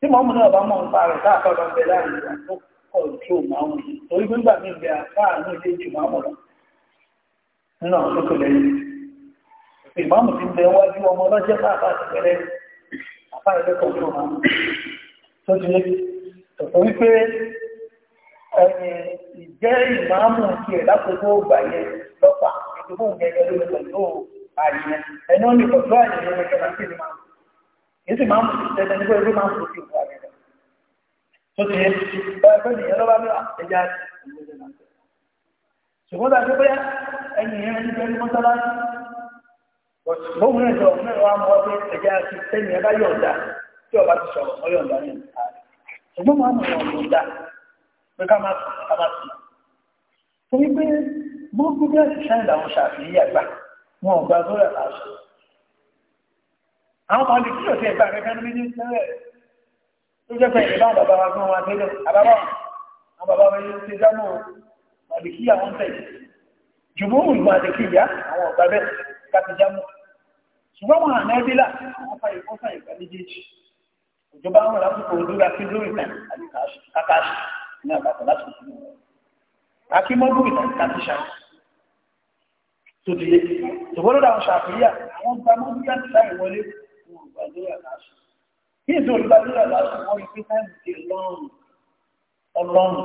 tí mọ́mù náà bá mọ̀ ń pa rẹ̀ káàkọ́dọ̀ ń bẹ láàrin ìgbà tó kọ̀ tí ò máa ń wù torí pé nígbà mí bẹ àkáàánú ilé jù máa mọ̀ lọ nínú àwọn ìmáàmù ti bẹ wájú ọmọ ọlọ́jẹ́ bẹ̀rẹ̀ ilé kọ̀ tó máa tó ti lé wípé ìjẹ́ ìmáàmù ti lọ́pàá ìdúgbò gẹ́gẹ́ èsì máa ń mú ìṣẹ̀lẹ̀ nígbà ẹgbẹ́ máa ń fò sí ìwà rẹ̀ tó ti yẹ ẹgbẹ́ nìyẹn lọ́ba ní ẹja ṣùgbọ́n tàbí pé ẹni yẹn ń bẹ ní mọ́sálásí bóun náà sọ̀rọ̀ mẹ́rin wa mọ́ pé ẹja ti sẹ́yìn ẹ bá yọ̀ǹda tí ọba ti sọ̀rọ̀ mọ́ yọ̀ǹda ní ìta ṣùgbọ́n máa mọ̀ yọ̀ǹda àwọn kan lè kíyèsí ẹgbẹ́ àkẹ́kẹ́ ní méjì tẹ́lẹ̀ tó jẹ́ pé ìbá bàbá wa gbọ́n wa tẹ́lẹ̀ àbábá àwọn bàbá wa yóò ṣe dámọ̀ màdìkí àwọn tẹ̀ jùmọ̀ òun màdìkí ìyá àwọn ọ̀gá bẹ́ẹ̀ káti jámọ̀ ṣùgbọ́n wọn àná ẹbí là àwọn fa ìfọ́sà ìgbà méjèèjì ìjọba àwọn lásìkò òdúrà sí lórí ìtàn àti kàkàṣì ní àbàtà lásìkò òdúrà akímọ́gbù ìtàn àti ṣáà tó ti lé ṣàfihàn àwọn gbàmọ́ nígbà tí láì wọlé Gbàdúrà láṣù. Kí èso gbàdúrà láṣù wọ́n fi táìmù ti lọ́rùn ọlọ́run.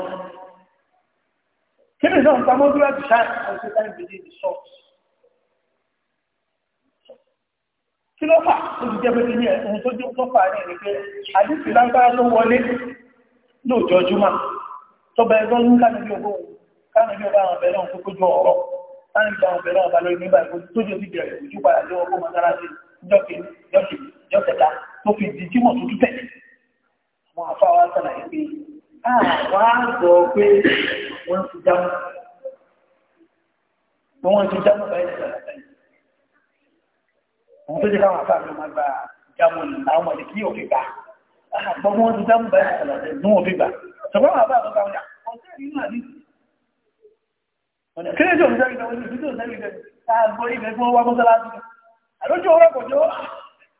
Kí ni sọ̀rọ̀ nípa mọ́dúrà ti ṣáà wọ́n fi táìmù ti di sọ́ọ̀tù. Kí ló fà tó ti jẹ́ pé kí ni ẹ̀sùn tó jẹ́ tó fà ní ẹ̀rí pé àdìsí lágbára ló wọlé lóòjọ́ Júmà. Tọ́ba ẹ̀rọ ń ká níbi owó káàmì bí ọba àwọn tó kójú ọ̀rọ̀ láti jọ́kẹta tó fi di jímọ̀ tó tún tẹ̀lé àwọn afáwá sàlàyé pé àwa gbọ́ pé wọ́n ti dámú pé wọ́n ti dámú báyìí sàlàyé àwọn tó jẹ́ káwọn afáàmì máa gba dámú àwọn ọmọdé kí òfin gbà àgbọ̀ wọ́n ti dámú báyìí sàlàyé ní òfin gbà ṣùgbọ́n àbá àbá àwọn ọ̀sẹ̀ nínú àdìsí kéde tó ń sẹ́yìn lọ́wọ́ ní ìdíjọ́ sẹ́yìn lọ́wọ́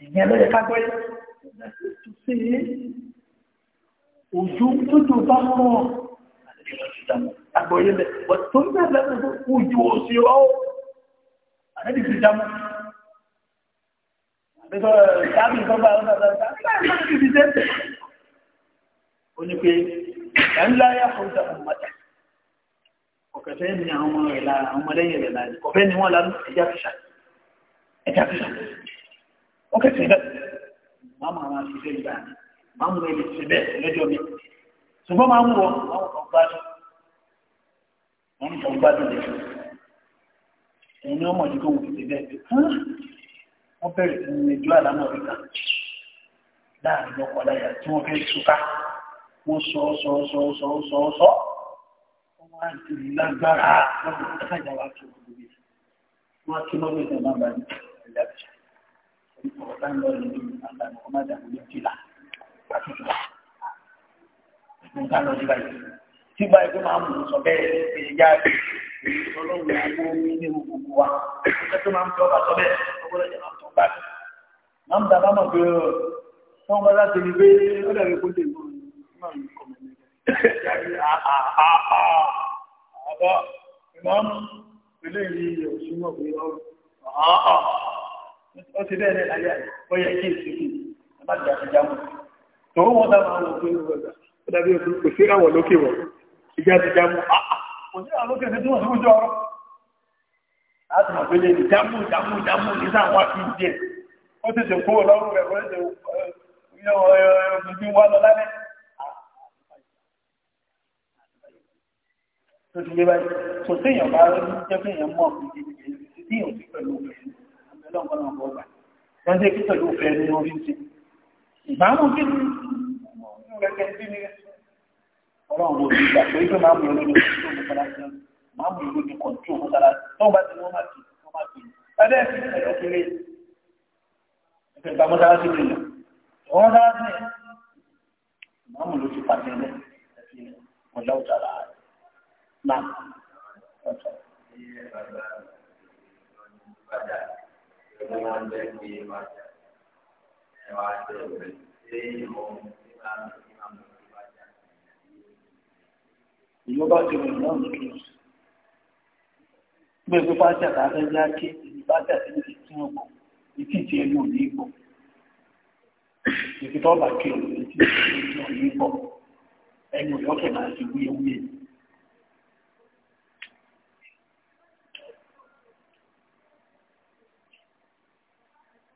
ìyẹn ló yẹ ká gbé sí ojú tójú bá mọ́ àgbọ̀yé lẹ̀ bọ̀ tó ń bẹ̀rẹ̀ lẹ́gbẹ̀ẹ́ ojú òsì ọ́ àdébì ti já mọ́ àbíkọ́ ìdábì tó bá ọ̀dọ̀ ọ̀dọ̀ àbíkọ́ ti jẹ́ ó ní pé ẹ̀ńlá yà fún ìjà fún mọ́tà ọ̀kẹ́fẹ́ ni àwọn ọmọ rẹ̀ lára àwọn ọmọlẹ́yìn rẹ̀ lára ọ̀fẹ́ ni wọ́n lára ẹja fìṣà ẹja fìṣà wọ́n kẹ́ síbẹ̀ máa mú àwọn àṣìṣe ìgbà ni máa mú ẹni síbẹ̀ lọ́jọ́ mi ṣùgbọ́n máa mú wọn máa mú wọn gbádùn wọn ń tọ́ gbádùn lè ẹni ọmọ yìí tó wù síbẹ̀ wọ́n bẹ̀rẹ̀ sí ní ẹjọ́ àlámọ̀ rí kan láàrin ọkọ̀ láyà tí wọ́n fẹ́ túká wọ́n sọ sọ sọ sọ sọ sọ wọ́n wá ti lágbára wọ́n gbé kí lọ́wọ́ ìjà máa bá ní ìjà ọ̀gá ń lọ lórí àgbàdo ọmọdàbọ̀ méjìlá àtúntò nǹkan lọ sí báyìí tí báyìí tó máa ń mú sọ bẹ́ẹ̀ ṣe é jáde ọlọ́run ìyàwó mi ní gbogbo wa ṣé tó máa ń tọ́ bá sọ bẹ́ẹ̀ ọgbọ́dọ̀ jẹ́ máa ń tọ́ bá mi. máa ń bàbá mọ̀ pé wọ́n bá láti rí pé ó dàbí kó lè lóun náà ní kọ̀mọ̀ mi. àbọ̀ ìmọ̀ eléyìí ọ̀ṣun mọ̀ pé ọ̀ ó ti bẹ́ẹ̀ náà láyé àyè ó yẹ kí àbájá ti mọ́ tọ́wọ́ wọn dá máa wọ pé ó dàbí kò sí ìràwọ̀ lókè wọ̀ ìjà ti já mọ́ kò lé báyìí tó téèyàn bá jẹ́ kéèyàn mọ̀ pé kí èèyàn ti pẹ̀lú obìnrin lọ́nkọ́ lọ́nkọ́ gbà wọ́n tẹ́ kí pẹ̀lú fẹ́ ní orí ń sìn ìbámu kí ni kẹ̀kẹ́ sí ni ọlọ́run ló ti gbà pé pé máa mú ìlú ní kọ̀ǹtò mọ́sálásí máa mú ìlú ní kọ̀ǹtò mọ́sálásí tó ń bá ti wọ́n máa ní wọ́n bẹ́ fi máa jà ẹ wá jẹ òwe ṣé ohun tí máa ń fi máa mú sí máa jà. ìlú bá ti rìn náà kí gbé gbé bá jà lábẹ́ yá kí ìlú bá jà sí ti tún ọkọ̀ ìtì tí ẹnu ò ní gbọ̀ ìfitọ́ bàkẹ́ ìtì tí ẹnu ò ní gbọ̀ ẹnu ìyọ́kẹ̀ máa ti wúyewúye yìí.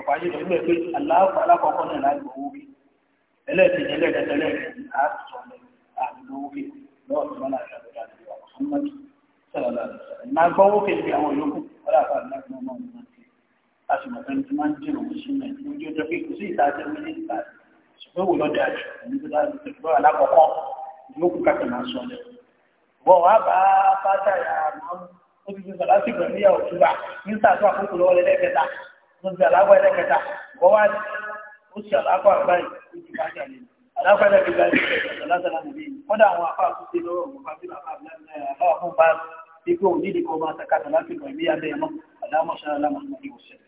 àǹfààní pẹ̀lú ẹ̀ pé aláàbò alákọ̀ọ́kọ́ náà láti owó kí ẹlẹ́ẹ̀kejì ẹlẹ́ẹ̀kẹta ẹlẹ́ẹ̀kẹta àtúntò àti owó kí lọ́wọ́ tí wọ́n náà ṣe àbúrò àti ìwà Muhammad sọ̀rọ̀ máa gbọ́ owó kejì bí àwọn yòókù ọ̀rọ̀ àfààní náà fún ọmọ òun ti láti mọ̀ pé ti máa ń jìnnà òun sí mẹ́rin ní ojú pé kò sí ìtajà mi ní ìta ṣùgbọ́n tó dá ìgbọ́ alákọ̀ọ́kọ́ mo ti àlágbá ẹlẹ́kẹta kọ́ wá ní ó ti àlágbá àgbá yìí ó ti bá jà lẹ́nu àlágbá ẹlẹ́kẹta yìí ọ̀sẹ̀ lásán láti bí kọ́dà àwọn afá àtúnṣe lọ́wọ́ àwọn afá bíbá afá àbílá ẹ̀ afá fún bá bí pé òní ìdíkọ̀ máa takàtà láti lọ ìlú abẹ́ ẹ̀mọ́ àdámọ̀ṣẹ́ alámọ̀ṣẹ́ ìwọ̀sẹ̀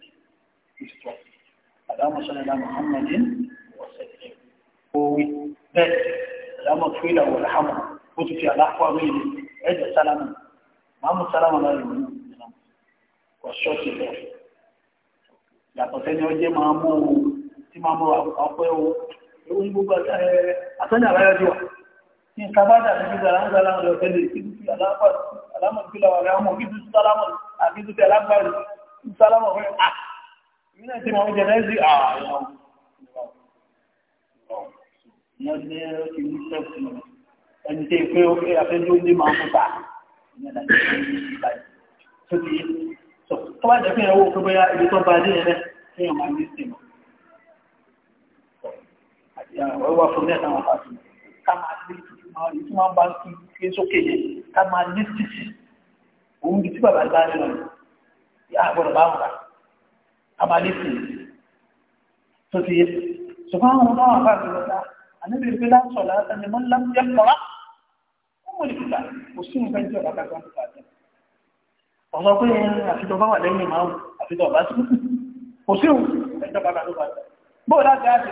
ìṣọ̀ àdámọ̀ṣẹ́ alámọ̀ṣẹ́ ìwọ̀sẹ̀ òwe bẹ́ẹ̀ àdámọ̀ṣẹ́ ìlàwọ̀ làhámọ̀ ó ti fi àláfọ́ àwọn ènìyàn ẹ̀jẹ̀ sálámù màmú sálámù láyé òun ọ̀ṣọ́ ti bẹ̀rẹ̀ yàtọ̀ sẹ́ni ọjẹ́ máa mú o tí máa mú ọpẹ́ o ohun gbogbo àtọ́jà ráyọ́ jọ ní kábádà ní gbígbà láńgbà láńgbà ọ̀tẹ́lẹ̀ ìdúkì alámọ̀dúkìlà wà láwọn òbí dúdú sálámọ̀ àbídúkì alágbàrú sálámọ̀ fẹ́ à mí náà ti máa ń jẹ náà sí àárọ̀ ìyẹn ní ti ní sẹ́ẹ̀kì ẹni tí pé ó fẹ́ afẹ́jú ó ní máa mú ta ìyẹn náà ti ní ìgbà yìí tó bá jẹ́ fún ẹwọ́ pé bóyá ibi tó bá dé ẹ̀rẹ́ fún ọmọ ní ìsìnkú ọwọ́ fún ní ẹ̀tàwọn fásitì ká máa ní ìtumọ̀ bá ń kí sókè yẹn ká máa ní títì òun bí tí bàbá bá ní lọ yà àgbọ̀dọ̀ bá wà á máa ní títì tó ti yẹ ṣùgbọ́n àwọn ọmọ àwọn fásitì lọ́ta àníbi ìgbé láńsọ̀ láti ẹni mọ́ ńlá ń jẹ́ kọ́lá ó mọ̀ nípa ọ̀sọ̀ pé àfijọba wà lẹ́yìn máa ń àfijọba sí kò sí òun ẹjọba ló bá bó láti á sí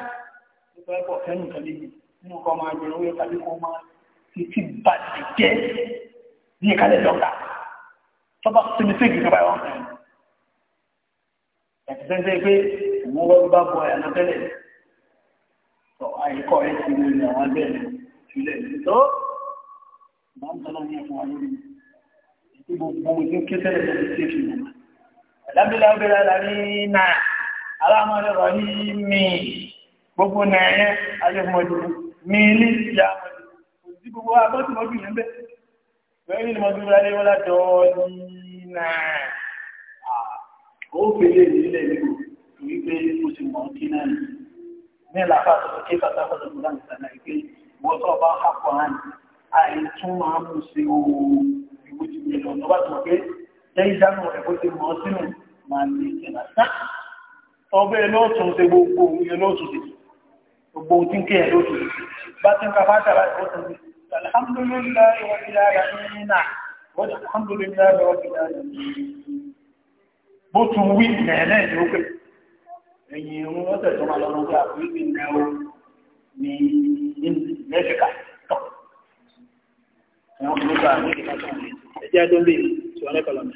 nípa ẹgbọ́ fẹ́yìn tẹ̀lé nínú kọ máa jẹ owó tàbí kọ máa ti ti bà lè jẹ́ ní ìkálẹ̀ lọ́gà tọ́ba sí mi sí ìgbìkan báyọ̀ ẹ̀sìn sẹ́ńsẹ́ pé òun wọ́n bá bọ ẹ̀ lọ́tẹ́lẹ̀ sọ àìkọ́ ẹ̀ sí ní àwọn abẹ́rẹ́ ìfilẹ̀ tó máa ń tọ́lọ́ ní ẹ̀fọn ayélujára gbogbo ojú ké tẹ́lẹ̀ tó ti ṣe fi mọ̀. Àdábìlẹ̀ ọ̀bẹ̀rẹ̀ àlàrí nà aláàmọ́lẹ̀ rọ̀ ní mi gbogbo nàáyẹ alẹ́mọ̀dù mi ní ìyá mọ̀dù. Òjì gbogbo abọ́tìmọ́dù yẹn bẹ́. Bẹ́ẹ̀ ni mọ̀dù rẹ̀ alẹ́ wọlá jọ ní nà. Ó fi lè ní ilẹ̀ ìlú torí pé ó ti mọ̀ kí náà ní. Ní ìlàpá tó ké kàtà kọ́tà kúrò àǹtà náà pé wọ́n tó bá hàpọ̀ àǹtà àìtún máa mú sí ooo ìwé ti gbé lọ lọ́wọ́ tó pé lẹ́yìn dánú rẹ̀ bó ti mọ̀ ọ́ sínú máa ní ìkẹ̀lá sá. ọbẹ̀ lọ́ọ̀tún ṣe gbogbo ohun yẹn lọ́ọ̀tún ṣe gbogbo ohun tí ń kéèyàn lọ́ọ̀tún ṣe bá ti ń ka fáta láti ọ̀tún ṣe. alhamdulilayi wa bi ala nina wa alhamdulilayi wa bi ala nina. bó tún wí nẹ̀ẹ́nẹ́ ni ó pè ẹ̀yìn ìrún ọ̀tẹ̀ tó máa lọ́nà ẹ̀wọ̀n gbogbo àmì ìdíkàtà ẹjẹ́ lórí ìṣọ́lẹ́kọ̀ọ́lọ́mì